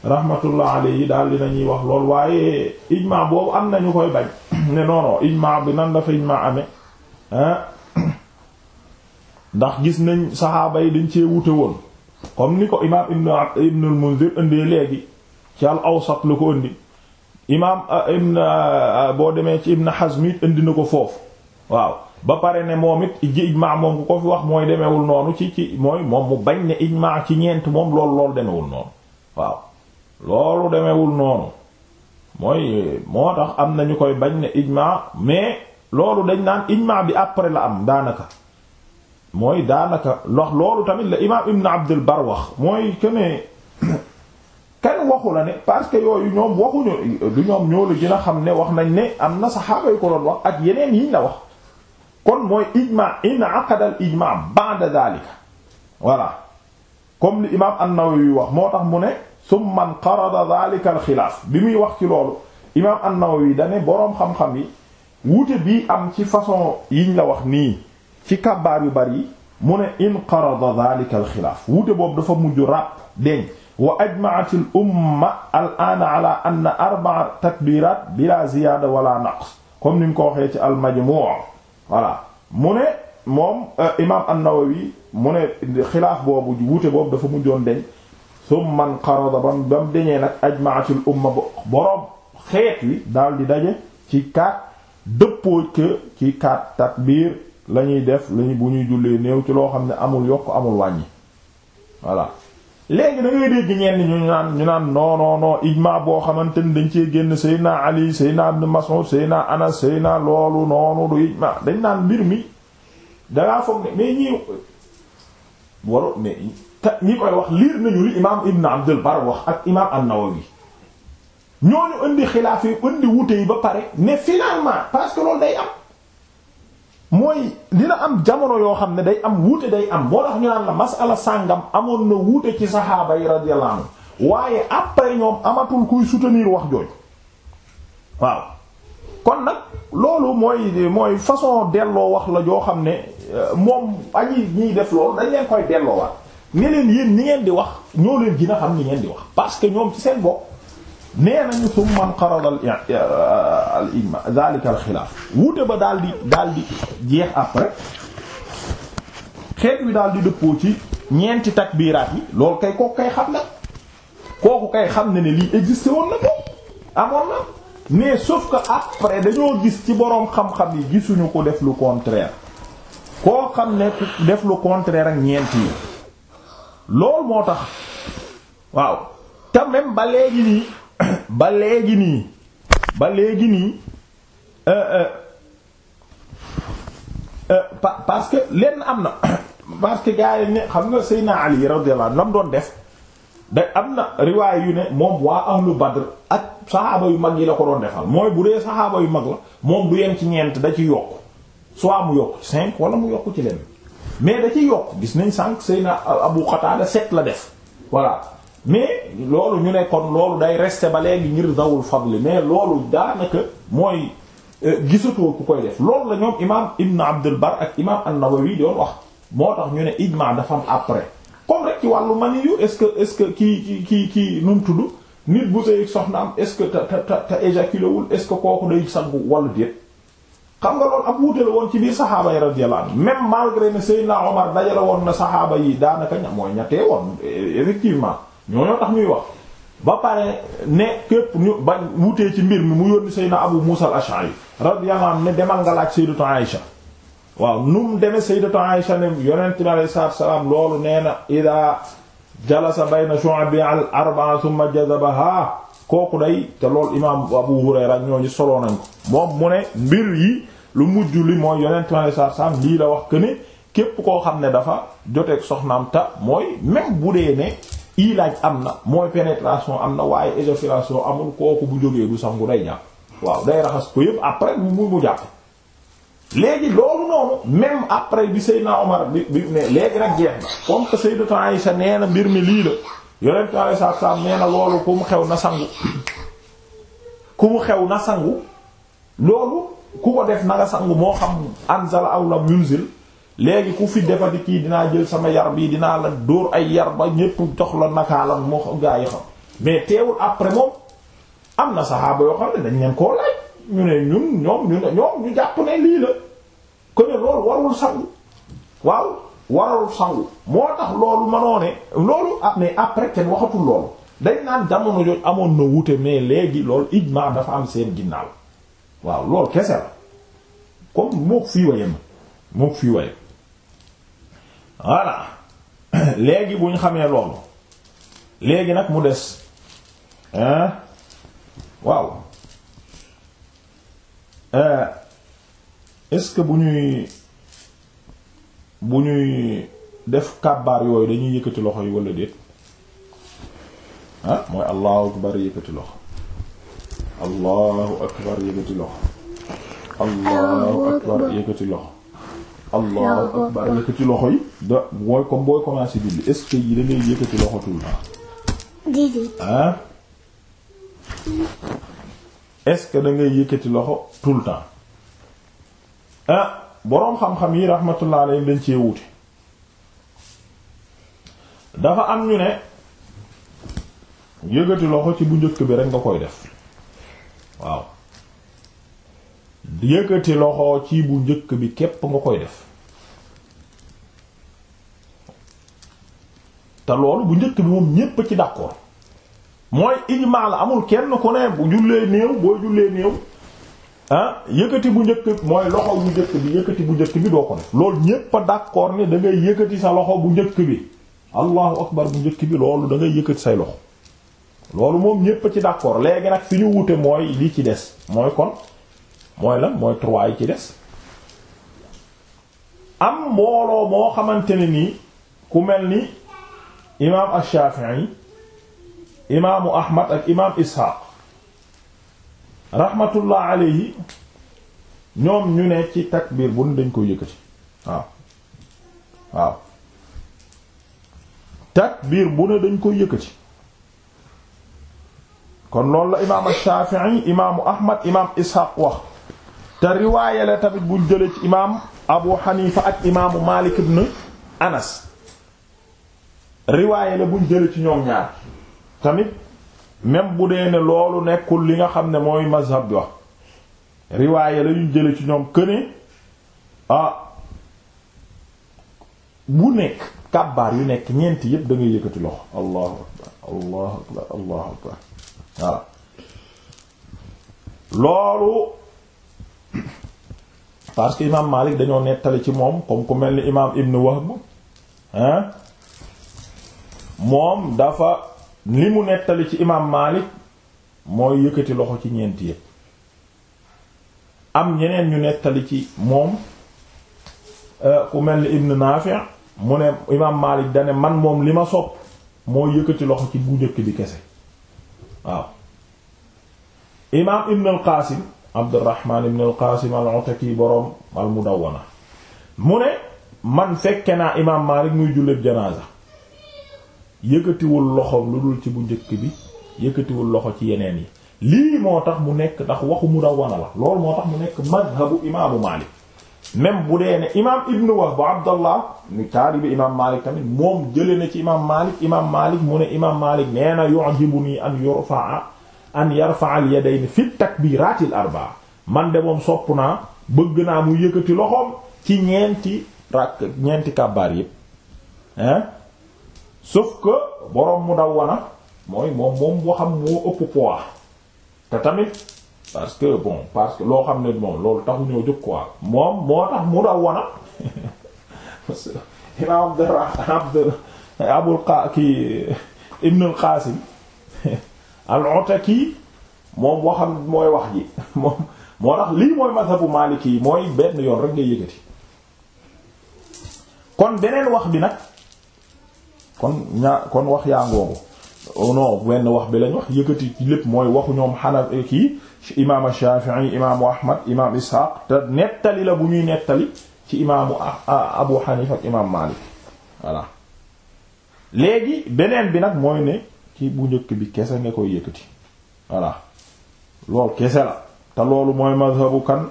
rahmatullah alayhi daal di nañuy wax lool waaye ijma boobu am nañu koy bañ ne non ijma bi nan dafa ijma amee ah ndax gis nañ saxaaba yi dañ cee wute woon. comme ni ko imaam ibn ibn al-Munzir indee léegi ci al-Awsat la ko indi imaam uh, ibn uh, uh, boo demee ci ibn Hazm it indi na ko foofu waaw ba pare ne moom it ijmaa moom ku ko fi wax mooy demewul noonu ci ci mooy moom mu bañ ne ijmaa ci ñeent moom loolu loolu demewul noonu waaw loolu demewul noonu mooy moo tax am na ñu koy bañ ne ijmaa mais loolu dañ naan ijmaa bi après la am daanaka. mooy daanaka lox loolu tamit la imaam Ibn Abdul Bar wax mooy que ne kenn waxu la ne parce que yooyu ñoom waxuñu du ñoom ñoo la gën a xam ne wax nañ ne am na saxaaba yu ko doon wax ak yeneen yiñ la wax kon mooy ijma in aqada al ijma ba'da dhalika voilà comme li imaam an wax moo tax mu ne summa inqarada dhalika al bi muy wax ci loolu imaam an da dane boroom xam-xam yi wuute bii am ci façon yiñ la wax nii ci kàbbaar yu bari mu ne inqarada dhalika alxilaaf wuute boobu dafa mujj ràpp deñ wa ajmaat al umma al arbaa takbiraat bila ziyaada wala naqs comme ni mu ko waxee ci al majmuu voilà mu ne moom euh, imaam an-Nawawi mu ne xilaaf boobu wuute boobu dafa mujjoon deñ thumma inqarada bam ba mu deñee nag ajmaat al umma boroom xeet di daje ci kaat dëppoo ci kaat takbir lañuy def lañuy bu ñuy jullee néew ci loo xam ne amul yokk amul wàññi voilà léegi da ngay dégg ñenn ñu naan ñu naan non ijma boo xamante ni dañ cee génn Seydina Ali Seydina Ibn Mas'ud Seydina Anas Seydina loolu noonu du ijma dañ naan mbir mi dangaa foog ne mais ñi waru mais ñi koy wax liir nañu li imaam Ibn Abdul Bar wax ak imaam An-Nawawi ñooñu indi xilaaf yi indi wute yi ba pare mais finalement parce que loolu day am. mooy dina am jamono yoo xam ne day am wuute day am moo tax ñu naan la masala sàngam amoon na wuute ci saxaaba yi radiyallahu anhu waaye après ñoom amatul kuy soutenir wax jooj waaw kon nag loolu mooy mooy façon delloo wax la joo xam ne euh, moom añi ñiy def loolu dañ leen koy delloo waat ne leen yéen ñi ngeen di wax ñoo leen gën xam ñi ngeen di wax parce que ñoom ci seen bopp nee nañu summa inqarada al ijma zalika al xilaaf wuute ba daal di daal di jeex après xeet wi daal di dëppoo ci ñeenti takbiraat yi lool kay kooku kay xam na kooku kay xam ne lii existé woon na ko amoon na mais sauf que après dañoo gis ci boroom xam-xam yi gisuñu ko def lu contraire koo xam ne ku def lu contraire ak ñeenti yi moo tax waaw te ba léegi nii ba léegi nii ba léegi nii euh, euh, euh, parce que lenn am na parce que gars yi ne xam nga Seydina Ali radiyallahu anhu la mu doon def da am na riwaay yu ne moom waa am lu Badr ak saxaaba yu mag yi la ko doon defal mooy bu dee saxaaba yu mag la moom du yem ci ñeent da ci yokk soit mu yokk cinq wala mu yokk ci lenn mais da ci yokk gis nañ sànq Seydina Abu Qatada sept la def voilà mais loolu ñu ne kon loolu day reste ba léegi ngir dawul zawul fadli mais loolu daanaka mooy euh, gisatoo ku koy def loolu la ñoom imaam Ibn Abdul Bar ak imaam an-Nawawi doon wax moo tax ñu ne ijma dafa après comme rek ci wàllu mani yu est-ce que est-ce que kii kii kii nu mu tudd nit bu sëy soxna am est-ce que ta ta ta éjaculé wul est-ce que kooku day sangu wala déet. xam nga loolu ab wuute woon ci biir saxaaba yi radiyallahu anhu même malgré ne Seydina Omar dajale woon na saxaaba yi daanaka mooy ñattee woon effectivement. ñoo tax ñuy wax ba pare ne képp ñu ba wutee ci mbir mi mu yónni Seydina Abu Musa al-Ash'ari radiyallahu ne demal nga laaj Sayyidatu Aïsha waaw nu mu demee Sayyidatu Aïsha ne yonent bi alayhi salaatu wa sa loolu na idaa jalasa bayna shu'abi al-arba'a thumma kooku day te lool imaam Abu Hurayra ñooñu soloo nañ ko moom mu ne mbir yi lu mujj li mooy yonent bi alayhi salaatu wa salaam lii la wax que képp koo xam ne dafa joteeg soxnaam ta mooy même bu dee ne. ilaaj am na mooy pénétration am na waaye éjaculation amul kooku bu jógee du sangu day jàpp waaw day raxas ko yépp après mu mu jàpp léegi loolu noonu même après bi Seydina Omar bi bi mais léegi nag jeex na comme que Sayyidatu Aïsha nee na mbir mi lii la yonent alayhi salaam nee na loolu ku mu xew na sangu ku mu xew na sangu loolu ku ko def na sangu moo xam anzala aw lam yunzil léegi ku fi defati kii dinaa jël sama yar bi dinaa la dóor ay yar ba ñépp jox la nakaalam moo gaa yi xam mais teewul après moom am na saxaaba yoo xam ne dañ leen koo laaj ñu ne ñun ñoom ñu ne ñoom ñu jàpp ne lii la que ne loolu warul sangu waaw warul sangu moo tax loolu mënoo ne loolu ah mais après kenn waxatul loolu dañ naan jamono jooju amoon na wute mais léegi loolu ijmaa dafa am seen ginnaaw waaw loolu kese la comme mook fii wayem mook fii voilà léegi bu ñu xamee loolu léegi nag mu des hein waaw euh, est-ce que bu ñuy bu ñuy def kàbbaar yooyu dañuy yëkkati loxo yi walla déet ah mooy allahu akbar yëkkati loxo allahu akbar yëkkati loxo allahu akbar yëkkati loxo allahu akbar yëkkati loxo yi da booy comme booy commencé julli est-ce que yi da ngay yëkkati loxo tout le est-ce que da ngay yëkkati loxo tout le temps ah boroom xam-xam yi rahmatullah alayhi dañ cee wuute dafa am ñu ne yëkkati loxo ci bu njëkk bi rek nga koy def waaw yëkkati loxo ci bu njëkk bi képp nga koy def te loolu bu njëkk bi moom ñépp ci d'accord mooy ijmaa la amul kenn ku ne bu jullee néew boo jullee néew ah yëkkati bu njëkk mooy loxo bu njëkk bi yëkkati bu njëkk bi doo ko def loolu ñépp a d'accord ne da ngay yëkkati sa loxo bu njëkk bi allahu akbar bu njëkk bi loolu da ngay yëkkati say loxo loolu moom ñépp a ci d'accord léegi nag fi ñu wute mooy li ci des mooy kon mooy lan mooy trois yi ci des am mbooloo moo xamante ne nii ku mel ni imaam ash-Shafi'i imaamu Ahmad ak imaam Ishaq rahmatullah alayhi ñoom ñu ne ci takbir bu ne dañ ko yëkkati waaw waaw bu ne dañ ko yëkkati kon loolu la imaam ash-Shafi'i imaamu Ahmad imaam Ishaq wax. te riwaayé la tamit buñ jëlee ci imaam Abu Hanifa ak imaamu Malik ibn Anas riwaayé la buñ jëlee ci ñoom ñaar tamit même bu dee ne loolu nekkul li nga xam ne mooy mazhab bi wax riwaayé la yuñ jëlee ci ñoom këne ah, bu nekk kàbbaar yu nekk ñeenti yépp da ngay yëkkati loxo allahu akbar allahu akbar allahu akbar waaw loolu parce que imaam Maalik dañoo nettali ci moom comme ku mel ni imaam Ibn Wahb hein moom dafa li mu nettali ci imaam Maalik mooy yëkkati loxo ci ñeenti yépp am ñeneen ñu nettali ci moom euh, ku mel ni Ibn Naafi' mu ne imaam Maalik dane man moom li ma sopp mooy yëkkati loxo ci bu njëkk bi kese waaw imaam Ibn al-Qaasim Abdurrahman ibn al-Qasim al-Utaki borom al-Mudawwana mu ne man fekke naa imaam Maalik muy jullit janaaza yëkkatiwul loxoom lu dul ci bu njëkk bi yëkkatiwul loxo ci yeneen yi lii moo tax mu nekk ndax waxu Mudawwana la loolu moo tax mu nekk madhabu imaamu Maalik même bu dee ne imaam Ibn Wahb Abdallah ni taalibi imaam Maalik tamit moom jëlee na ci imaam Maalik imaam Maalik mu ne imaam Maalik nee na yu'jibunii an yurfa'a an yarfa al yadayni fi takbiraatil arbaa man de moom sopp naa bëgg naa mu yëkkati loxoom ci ñeenti rakk ñeenti kàbbaar yépp hein sauf que boroom mu daw wana mooy moom moom waxam moo ëpp poids te tamit parce que bon parce que loo xam ne moom loolu taxu ñoo jóg quoi moom moo tax mu daw wana imam abdul abdul ki ibnul qaasim al-Utaki moom waxam mooy wax ji moom moo tax lii mooy mazhabu Maliki yi mooy benn yoon rek ngay yëkkati kon beneen wax bi nag kon ñaa kon wax yaa ngoogu oh non benn wax bi lañ wax yëkkati lépp mooy waxu ñoom Hanafi eh, kii imaamu Shafi'i imaamu Ahmad imaamu Ishaq te nettali la bu ñuy nettali ci imaamu Abu Hanifa ak imaamu Malik voilà léegi beneen bi nag mooy ne. ci bu njëkk bi kese nga koy yëkkati voilà loolu kese la te loolu mooy mazhabu kan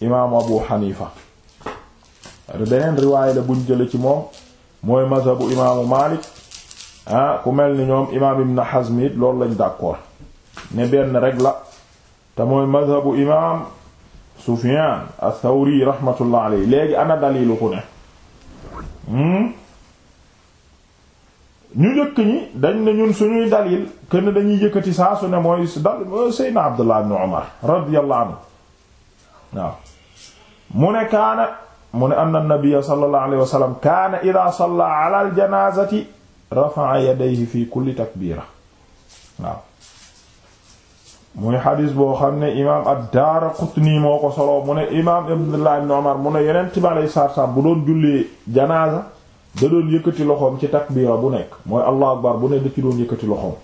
imaam Abu Hanifa beneen riwaay la buñ jële ci moom mooy mazhabu imaamu Malik ah ku mel ni ñoom imaam Ibn Hazm it loolu lañ d'accord ne benn rek la te mooy mazhabu imaam Sufyan ath-Thawri rahmatullah alayhi léegi ana dalilu ku ne hmm? ñu njëkk ñi dañ ne ñun suñuy dalil kenn dañuy yëkkati saa su ne mooy dal euh, Seydina Abdullah ibn Umar radiyallahu anhu waaw mu ne kaana mu ne anna nabiyya sallallahu alayhi wa kaana boo xam ne imaam ad-Daaraqutni moo Umar mu ne yeneen tibe saar saar bu doon jullee janaasa da doon yëkkati loxoom ci takbira bu nekk mooy allahu akbar bu ne da ci doon yëkkati loxoom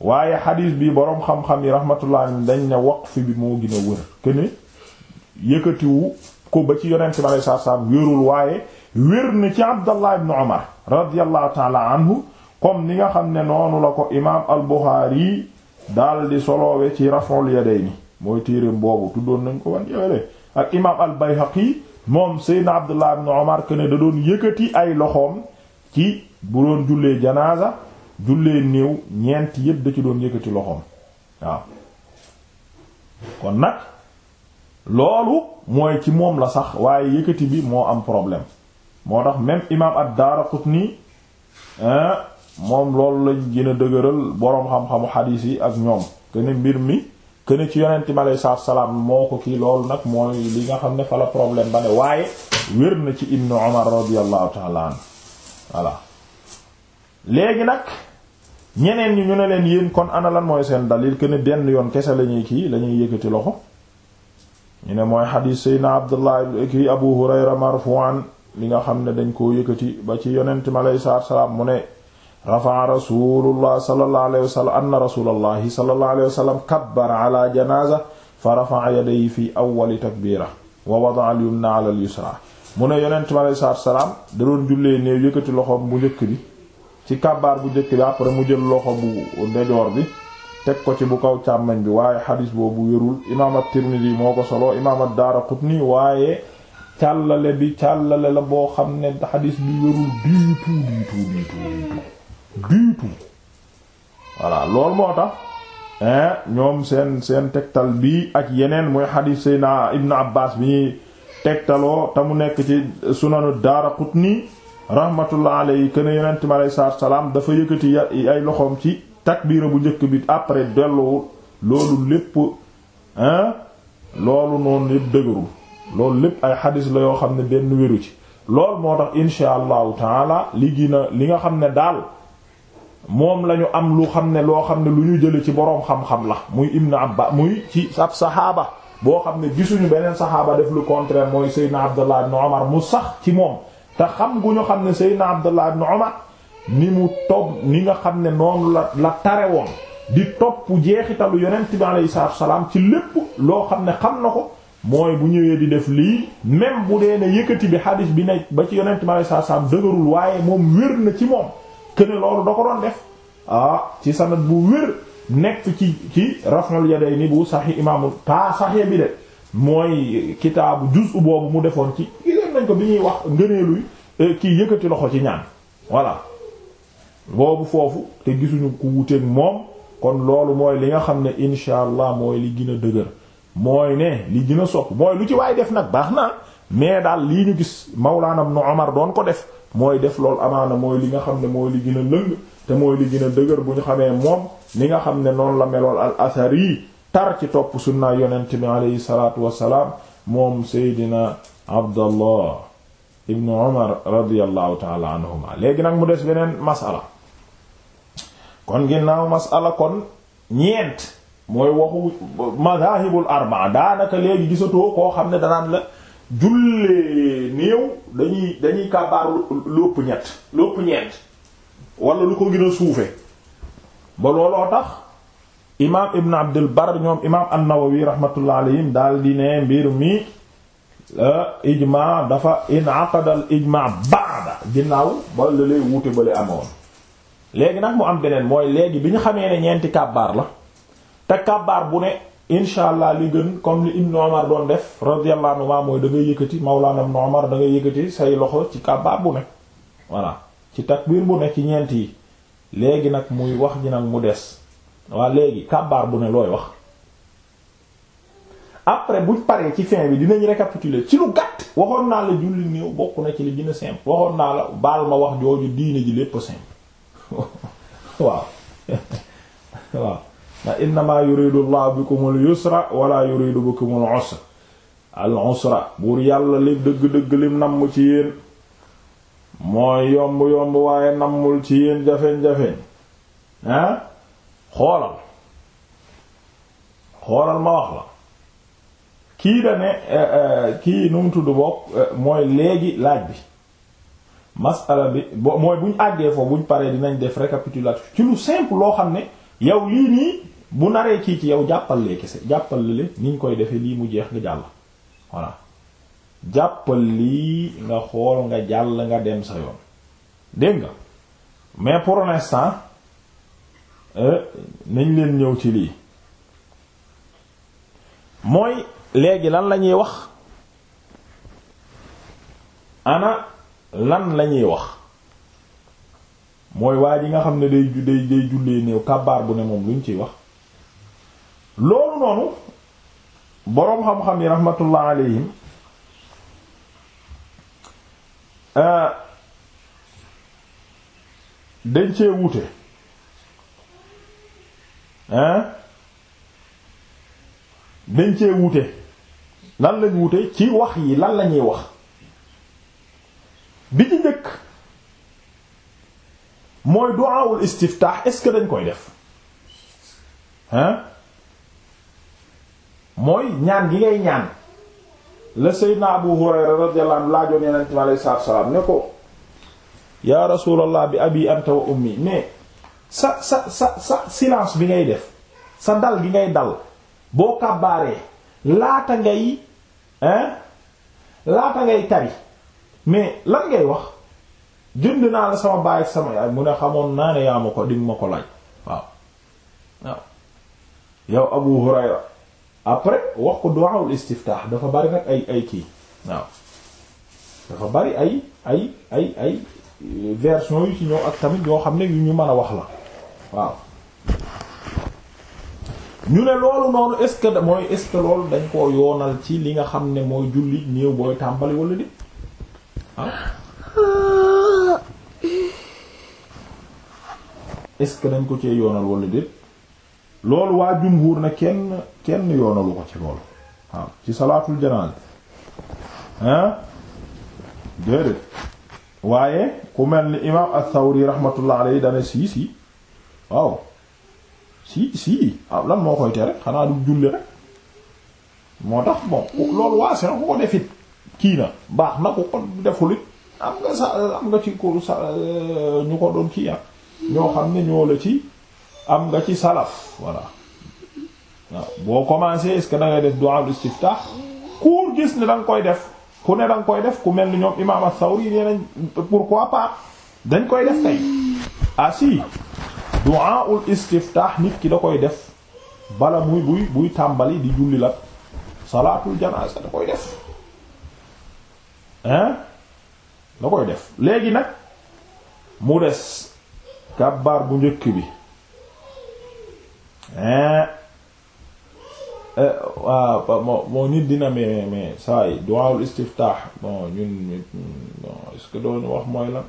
waaye xadiis bi boroom xam-xam yi rahmatullah dañ ne waqf bi moo gën a wër këne yëkkatiwu ko ba ci yonent bi alei sat salaam wérul waaye wér na ci abdallah ibn omar radiallahu taala anhu comme ni nga xam ne noonu la ko imaam al yi daal di soloowe ci raf'ul yadayni mooy téereem boobu tuddoon nañ ko wan yowele ak imaam al Bayhaqi moom Seydina Abdullah ibn Omar que da doon yëkkati ay loxoom ci bu doon jullee janaasa jullee néew ñeent yépp da ci doon yëkkati loxoom waaw kon nag loolu mooy ci moom la sax waaye yëkkati bi moo am problème moo tax même imaam ad-Daraqutni moom loolu lañ gën dëgëral boroom xam-xamu xadiis yi ak ñoom que mbir mi. këne ci yonent bi aleyhi salaam moo ko kii loolu nag mooy li nga xam ne fa la problème ba ne waaye wér na ci ibnu Umar radiyallahu ta'ala anhu léegi nag ñeneen ñi ñu ne leen yéen kon ana mooy seen dalil këne benn yoon kese lañuy kii lañuy ñuy loxo ñu ne mooy xadiis Seydina Abdullah kii Abu Hurayra marfu'an li nga xam ne dañ koo yëkkati ba ci yonent bi aleyhi salaam mu ne rafa'a rasulullah sallallahu alayhi wa sallam anna rasulallahi sallallahu alayhi wa sallam kabbara ala janaza fa rafa'a yadayhi fi awwali takbira wa wada'a al-yumna ala al-yusra mu ne yonent bi alayhi salaatu wa salaam da doon jullee néew yëkkati loxoom bu njëkk bi ci kabbaar bu njëkk bi mu jël loxo bu ndejoor bi teg ko ci bu kaw càmmañ bi waaye xadis boobu wérul imaam at-Tirmidhi moo ko solo imaam ad-Daaraqutni waaye càllale bi càllale la boo xam ne xadis bi wérul du tout du du tout voilà loolu moo tax ñoom seen seen tegtal bi ak yeneen mooy xadiis sayna Ibn bi ñuy tegtaloo te mu nekk ci sunanu Daaraqutni rahmatullah alayhi ken yonent mi alayhi salaatu salaam dafa yëkkati ay loxoom ci takbiira bu njëkk bi après delluwul loolu lépp hein loolu noonu yëpp dëgërul loolu lépp ay xadiis la yoo xam ne benn wéru ci loolu moo tax insha allahu taala li li nga xam ne daal moom lañu am lu xam ne loo xam ne lu ñu jële ci boroom xam-xam la muy am ba muy ci ab saxaaba boo xam ne gisuñu beneen saxaaba def lu contraire mooy seydna abdullah ibn omar mu sax ci moom te xam ngu ñu xam ne seydna abdullah ibn omar ni mu toog ni nga xam ne noonu la la tare woon di topp jeexitalu yonent bi alayhi salaatu salaam ci lépp loo xam ne xam na ko mooy bu ñëwee di def lii même bu dee ne yëkkati bi hadis bi ne ba ci yonent bi alayhi salaatu salaam waaye moom wér na ci moom këne loolu da ko doon def ah ci sanad bu wér nekk ci ci rafnul yadayni bu saxi imaamul taa saxi bi de mooy kitaabu juz'u boobu mu defoon ci gisoon nañ ko bi ñuy wax ngëneeluy eh, kii yëkkati loxo ci ñaan voilà boobu foofu te gisuñu ku wuteeg moom kon loolu mooy li nga xam ne insha mooy li gën a dëgër mooy ne li gën a sopp mooy lu ci waay def nag baax na mais daal lii ñu gis Mawlana Ibn Umar doon ko def mooy def loolu amaana mooy li nga xam ne mooy li gën a lëng te mooy li gën moom ni nga xam ne noonu la melool al yi tar ci topp sunna yonent bi aleyhi salaatu wassalaam moom seydina abdallah ibnu umar radiallahu taala anhuma léegi nag mu des beneen masala kon ginnaaw masala kon ñeent mooy waxu madahibul arbaa daanaka léegi gisatoo koo xam ne danaan la jullee néew dañuy dañuy kàbbaar lu ëpp ñett lu ëpp ñeent wala lu ko gën a ba looloo tax imaam ibn abdul bar ñoom imaam an-nawawi rahmatullah alayhim daal di ne mbir mi ijma dafa inaqada al ijma ba'da ginnaaw ba la lay wuute ba la amoon léegi nag mu am beneen mooy léegi bi ñu xamee ne ñeenti kabaar la te kàbbaar bu ne incha allah li gën comme li Ibn Omar doon def radiyallahu anhu mooy da ngay yëkkati Mawlana Ibn Omar da ngay yëkkati say loxo ci kàbbaab bu nekk voilà ci takbir bu nekk ci ñeent yi léegi nag muy wax ji nag mu des waa léegi kàbbaar bu ne looy wax après bu paree ci fin bi dinañ récapituler ci lu gàtt waxoon naa la julli néew bokk na ci li gën a simple waxoon naa la baal ma wax jooju diine ji lépp simple waaw ndax innama yuridu llahu bikumul yusra wala yuridu bikumul usra al usra buur yàlla li dëgg-dëgg lim namm ci yéen mooy yomb yomb waaye nammul ci yéen jafeñ-jafeñ ah xoolal xoolal ma wax la kii da ne eh, eh, kii nu mu tudd bokk eh, mooy léegi laaj bi masala bi mooy buñ àggee foofu buñ paree dinañ def récapitulatif ci lu simple loo xam ne yow lii nii bu naree kii ci yow jàppal lee kese jàppal le ni ñu koy defee lii mu jeex nga jàll voilà jàppal lii nga xool nga jàll nga dem sa yoon dégg mais pour l'instant euh, nañ leen ñëw ci lii mooy léegi lan la ñuy wax ana lan lañuy wax mooy waa ji nga xam ne day day day jullee néew kabaar bu ne moom luñ ciy wax loolu noonu boroom xam-xam yi rahmatullah alayhim euh, dañ cee wuute hein dañ cee wuute lan lañ wuute ci wax yi lan lañuy wax bi ci njëkk mooy du'aawul istiftaax est-ce que dañ koy def hein mooy ñaan gi ngay ñaan la naa Abu Hurayra radiyallahu anhu laajoon Yonent bi alayhi salaatu wa salaam ne ko yaa rasulallah bi abi anta ummi mais sa sa sa silence bi ngay def sa dal gi ngay dal boo kàbbaaree laata ngay hein laata ngay tari mais lan ngay wax jënd naa la sama baay ak sama yaay mu ne xamoon naa yaa ma ko dinga ma ko laaj waaw yow Abu Hurayra après wax ko du'aul istiftah dafa bari nag ay ay kii waaw dafa bari ay ay ay ay euh, version yu ci ñëw ak tamit yoo xam ne yu ñu mën a wax la waaw ñu ne loolu noonu est-ce que mooy est-ce que loolu dañ koo yoonal ci li nga xam ne mooy julli néew booy tàmbali wala di ah est-ce que dañ ko cee yoonal wala déet loolu waa jumhuur na kenn kenn yoonalu ko ci loolu waaw ci salaatul janaasa hein déedéet waaye ku mel ni imaam as-Sawri rahmatullah alayhi dane sii sii waaw sii sii waaw ah, lan moo koy tere xanaa du julli rek moo tax bon loolu waa seen ku ko defit kii na baax na ku ko defulit am nga sa am nga ci ko sa eh, ñu ko doon kii am ah. ñoo xam ne ñoo la ci am nga ci salaf voilà waaw boo commencé est-ce que da ngay def du'a al-istiftah ku gis ne da koy def ku ne da koy def ku mel ni ñoom imam as-Sawri nee nañ pourquoi pas dañ koy def tey ah si du'a al-istiftah nit ki da koy def bala muy buy buy tàmbali di julli la salaatul janaasa da koy def hein da koy def léegi nag mu des kàbbaar bu njëkk bi Eh. Eh, waaw bon bon nit dina mais mais saa yi duwaawul istiftah bon ñun bon est-ce que wax mooy la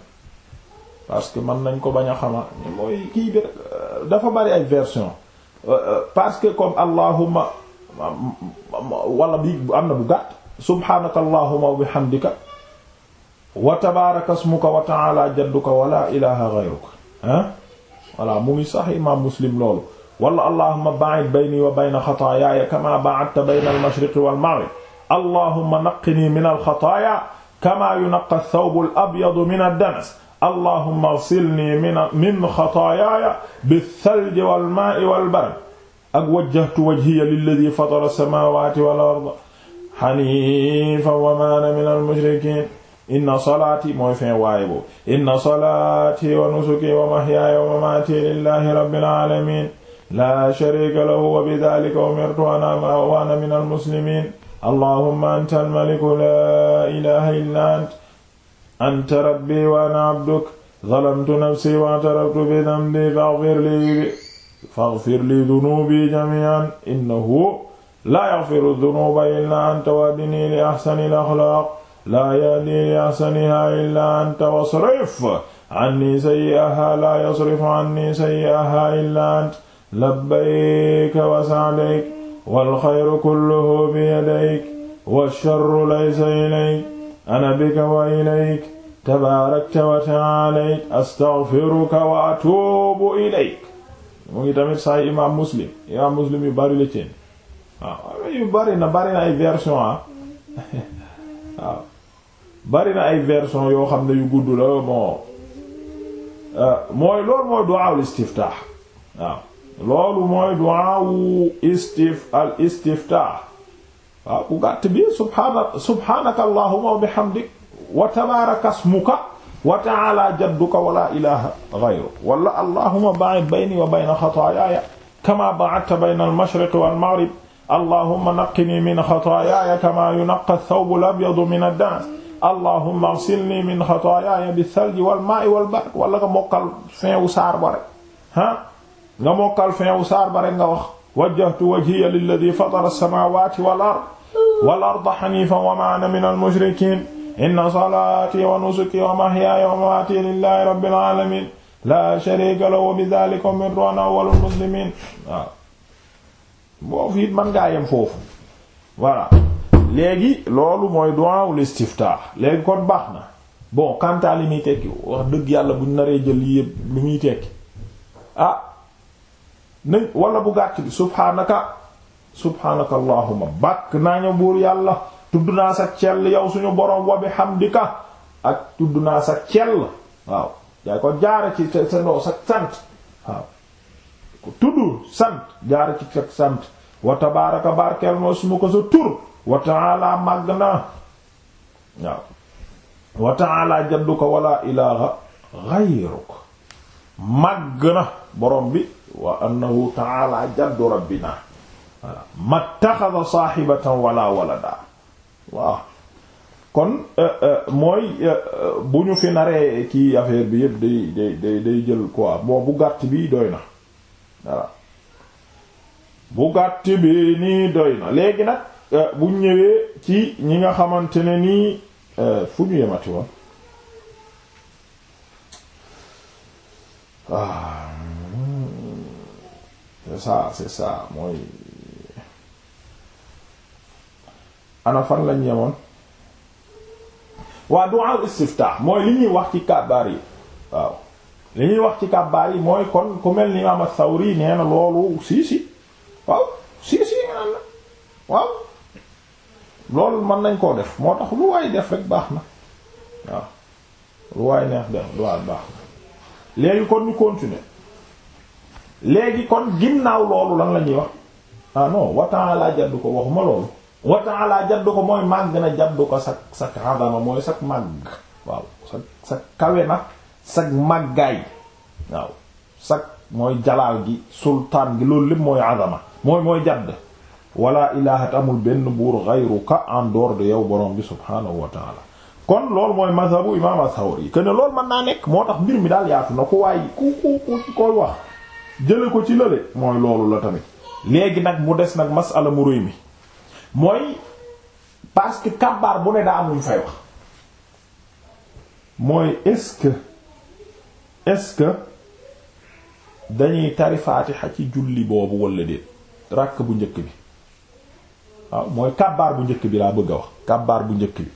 parce que man nañ ko bañ a xama mooy kii bi euh, dafa bari ay version euh, euh, parce que comme allahumma wala bi am na bu gàtt subhanaka allahumma wa bihamdika wa tabaraka ismuka wa ta'ala jadduka wa la ilaha ghayruka ah voilà mu ngi sax imam muslim loolu wala allahuma ba'id bayni wa bayna xataayaaya kama ba'adta bayna almashriqi walmaghrib allahuma naqqini min alxataaya kama yunaqqa ath-thawbu al-abyadu min ad-danas allahuma ighsilni min xataayaaya bi-thalji wal-maa'i wal-barad ak wajjahtu wajhiya lilladhi fatara as-samaawaati wal-arda haniifan wa ma ana mina al-mushrikiin inna salaati mooy fin waaye boobu inna salaati wa nusuki wa mahyaaya wa mamaati lillahi rabbil aalamiin laa sharika lahu wa bidaalika umirtu wa ana min almuslimiin allahumma anta almaliku laa ilaha illa ant anta rabbi wa ana abduk zalamtu nafsi wa i'taraftu bi dambi faghfir li faghfir li dunubi jamii'an innahu laa yaghfiru dunuba illa anta wahdini li ahsani al-axlaaq laa yahdii li ahsanihaa illa anta wasrif anni sayyi'ahaa laa yasrifu anni sayyi'ahaa illa anta labbayka wa sa'dayk wal xayru kulluhu bi yadayk wa sharru laysa ilayk ana wa ilayk tabaarakta wa ta'aalayk astaghfiruka wa atuubu ilayk mu ngi tamit saay imaam muslim imaam muslim yu bari la ceen waaw yu bari na bari na ay version ah. waaw bari na ay version yoo xam ne yu gudd la bon euh, mooy loolu mooy du'a al istiftah waaw loolu mooy du'a wu istif al istiftaah waaw bu gàtt bi subhaana subhaanaka allahumma wa bihamdik wa tabaaraka ismuka wa ta'aala jadduka wa laa ilaaha ghayruk wala allahumma ba'id bayni wa bayna xataayaaya kamaa ba'adta bayna al-mashriqi wal-maghrib allahumma naqqini min xataayaaya kamaa yunaqqa ath-thawbu al-abyadu min ad-danas allahumma ighsilni min xataayaaya bis-salji wal-maa'i wal-bardi wala nga mokkal fin wu saar ba rek ah nga mokkal fin wu saar ba rek wax wajjahtu wajhiya lilladi fatara as-samawati wa al-mushrikin inna salati wa nusuki wa mahyaya wa mamati lillahi rabbil alamin la sharika lahu wa bidhalika umirtu wa ana awwalul muslimin waaw loolu mooy du'aawul istiftah kon baax na bon quant à li wax dëgg yàlla bu naree jël yépp lu ah nañ wala bu gàtt bi subhaanaka subhaanaka allahuma bàkk naa buur yàlla tudd naa sa cell yow suñu borom wa bihamdika ak tudd naa sa cell waaw yaa ko jaare ci sa ndoo sa sant waaw ko tudd sant jaare ci sa sant wa tabaaraka barkeel moo suma ko sa tur wa ta'ala màgg naa waaw wa ta'ala jadduka wala ilaha ghayruka màgg na borom bi wa annahu ta'ala jaddu rabbina voilà mattaxada saahibatan wala walada waaw kon euh, euh, mooy euh, bu ñu fi naree kii affaire bi yëpp day day day day jël quoi bon bu gàtt bi doy na voilà bu gàtt bi nii doy na léegi nag bu ñëwee ci ñi nga xamante ne nii fu ñu yemati woon ah. c'est ça c'est ça mooy anafan fan lañ yemoon waa du'a istiftah mooy li ñuy wax ci kàbbaar yi wax ci kàbbaar yi mooy kon ku mel ni imaam as-Sawri nee na loolu si waaw si si naan la waaw loolu mën nañ koo def moo tax lu waay def rek baax na waaw lu waay neex def lu waay baax na léegi kon ñu continuer léegi kon ginnaaw loolu lan la ñuy wax ah non wataala jaddu ko waxuma loolu wataala jaddu ko mooy màgg na jaddu ko sa sa adama mooy waaw sa sa kawe na sa màggaay waaw sa mooy jalaal gi sultaan gi loolu lépp mooy adama mooy mooy jadd wala ilaha amul benn buur ghayruka en dehors de yow borom bi subhanahu wa taala kon loolu mooy mazhabu imam as-Sawri que ne loolu man naa nekk moo tax mbir mi daal yaatu na ku waay ku ku ku koy wax jële ko ci lële mooy loolu la tamit léegi nag mu des nag masala mu réy mi mooy parce que kabaar bu ne daa amuñ fay wax mooy est-ce que dañuy tari faatixa ci julli boobu wala déet ràkk bu njëkk bi waaw mooy kabaar bu njëkk bi laa bëgg a wax kabaar bu njëkk bi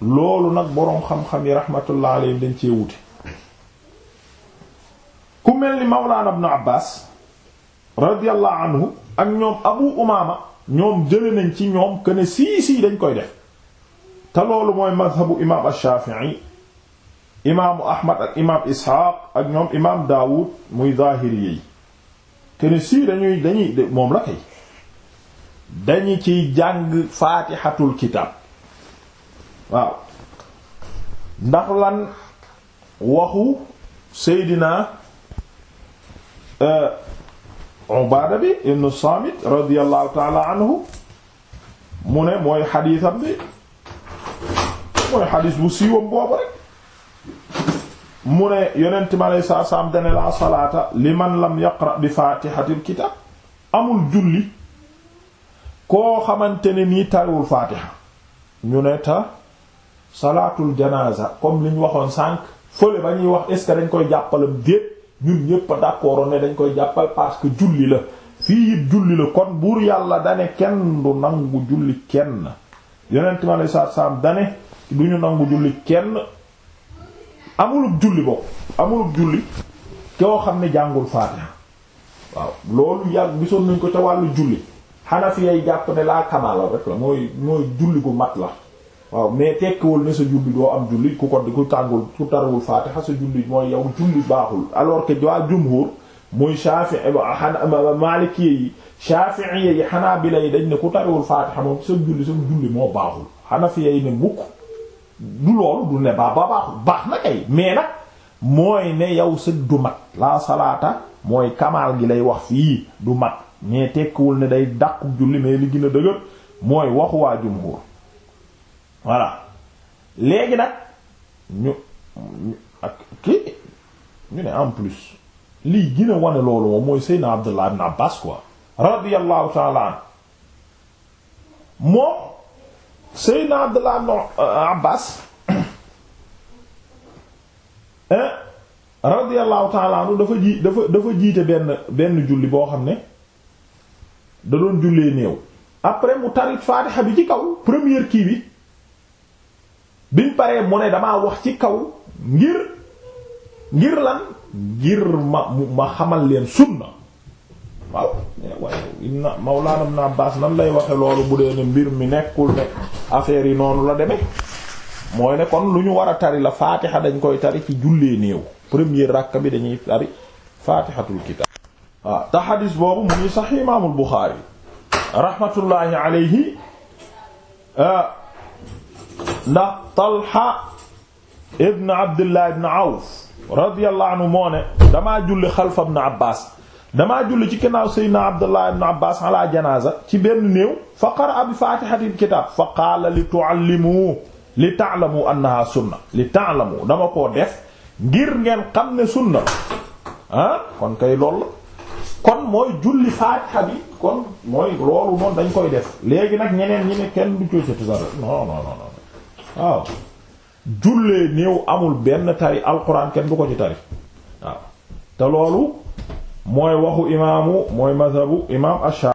loolu nag boroom xam-xam yi rahmatullah alayhi dañ cee wuti ku mel ni mawlaana ibn Abbaas radiyallahu anhu ñoom Abu Umaama ñoom jële nañ ci ñoom que sii dañ koy def te loolu mooy mazhabu imaam ash-Shafi'i imaamu Ahmad ak imaam Isxaaq ak ñoom imaam Daawud muy zaahiri yi que dañuy dañuy moom la kay dañu ciy jàng faatixatul kitaab waaw ndax lan waxu Seydina. Euh, Ubaada bi ibnu Saamit radiyallahu taala anhu mu ne mooy xadiisam bi mooy xadiis bu siiwam boobu rek mu ne yonent mi aleyhi salaatu salaam dane laa salaata liman lam yaqra bi faatihatil amul julli koo xamante ne nii tariwul faatiha ñu ne ta salaatul janaza comme li waxoon sànq fële ba ñuy wax est ce que dañ koy jàppalam déet ñun ñépp a ne dañ koy jàppal parce que julli la fii it julli la kon buur yàlla dane kenn du nangu julli kenn yonent mi alei saatu salaam dane du ñu nangu julli kenn amulub julli bokk amulub julli koo xam ne jàngul faatiha waaw loolu yàgg gisoon nañ ko ca wàllu julli xanafi yay jàpp ne laa kamaala rek la mooy mooy julli gu mat la waaw mais tekkiwul ne sa julli doo am julli ku ko ku tàngul ku tarwul faatiha sa julli mooy yow julli baaxul alors que waa jumhur muy Shafi'i xanaa eh, Maliki yi Shafi'i yi Hanabila yi dañ ne sa julli moo baaxul Hanafi yi ne mukk du loolu du ne baax ba baaxul baax na kay mais nag mooy ne yow sa du mat la salaata mooy kamaal gi lay wax fii du mat mais tekkiwul ne day dàqu julli mais li gën a dëgër mooy waxu waa jumhur voilà léegi nag ñu ak kii ñu ne en plus lii gën a wane loolu moom mooy Seydina Abdullah ibn Abbas quoi radiyallahu ta'ala an moom Seydina Abdullah ibn euh, Abbas radiyallahu ta'ala dafa ji dafa dafa jiite benn benn julli boo xam ne da doon jullee néew après mu tarit faatixa bi ci kaw première kii bi biñ paree mu ne damaa wax ci kaw ngir ngir lan ngir ma ma xamal leen sunna waaw eh, waaye inna Mawlana Ibn Abbas nan lay waxe loolu bu dee ne mbir mi nekkul ne affaire yi noonu la demee mooy ne kon lu ñu war a tari la faatixa dañ koy tari ci jullee néew premier rakk bi dañuy tari faatixatul kitaab waaw te xadis boobu mu ngi sax imaamul Buxaari rahmatullahi alayhi ah. ndax Talha ibn Abdullah ibn Awf radiyallahu anhu moo ne damaa julli xalfa ibn Abbas damaa julli ci ginnaaw Seydina Abdullah ibn Abbas ala janaza ci benn néew fa qara'a bi fatihatil kitab fa qaala li tu'allimu li ta'lamu annaha sunna li ta'lamu dama koo def ngir ngeen xam ne sunna ah kon kay loolu kon mooy julli faatiha bi kon mooy loolu noonu dañ koy def léegi nag ñeneen ñi ne kenn du cooy sa non non non waaw jullee néew amul benn tari alquran kenn du ko ci tari te loolu mooy waxu imaamu mooy mazhabu imaam ash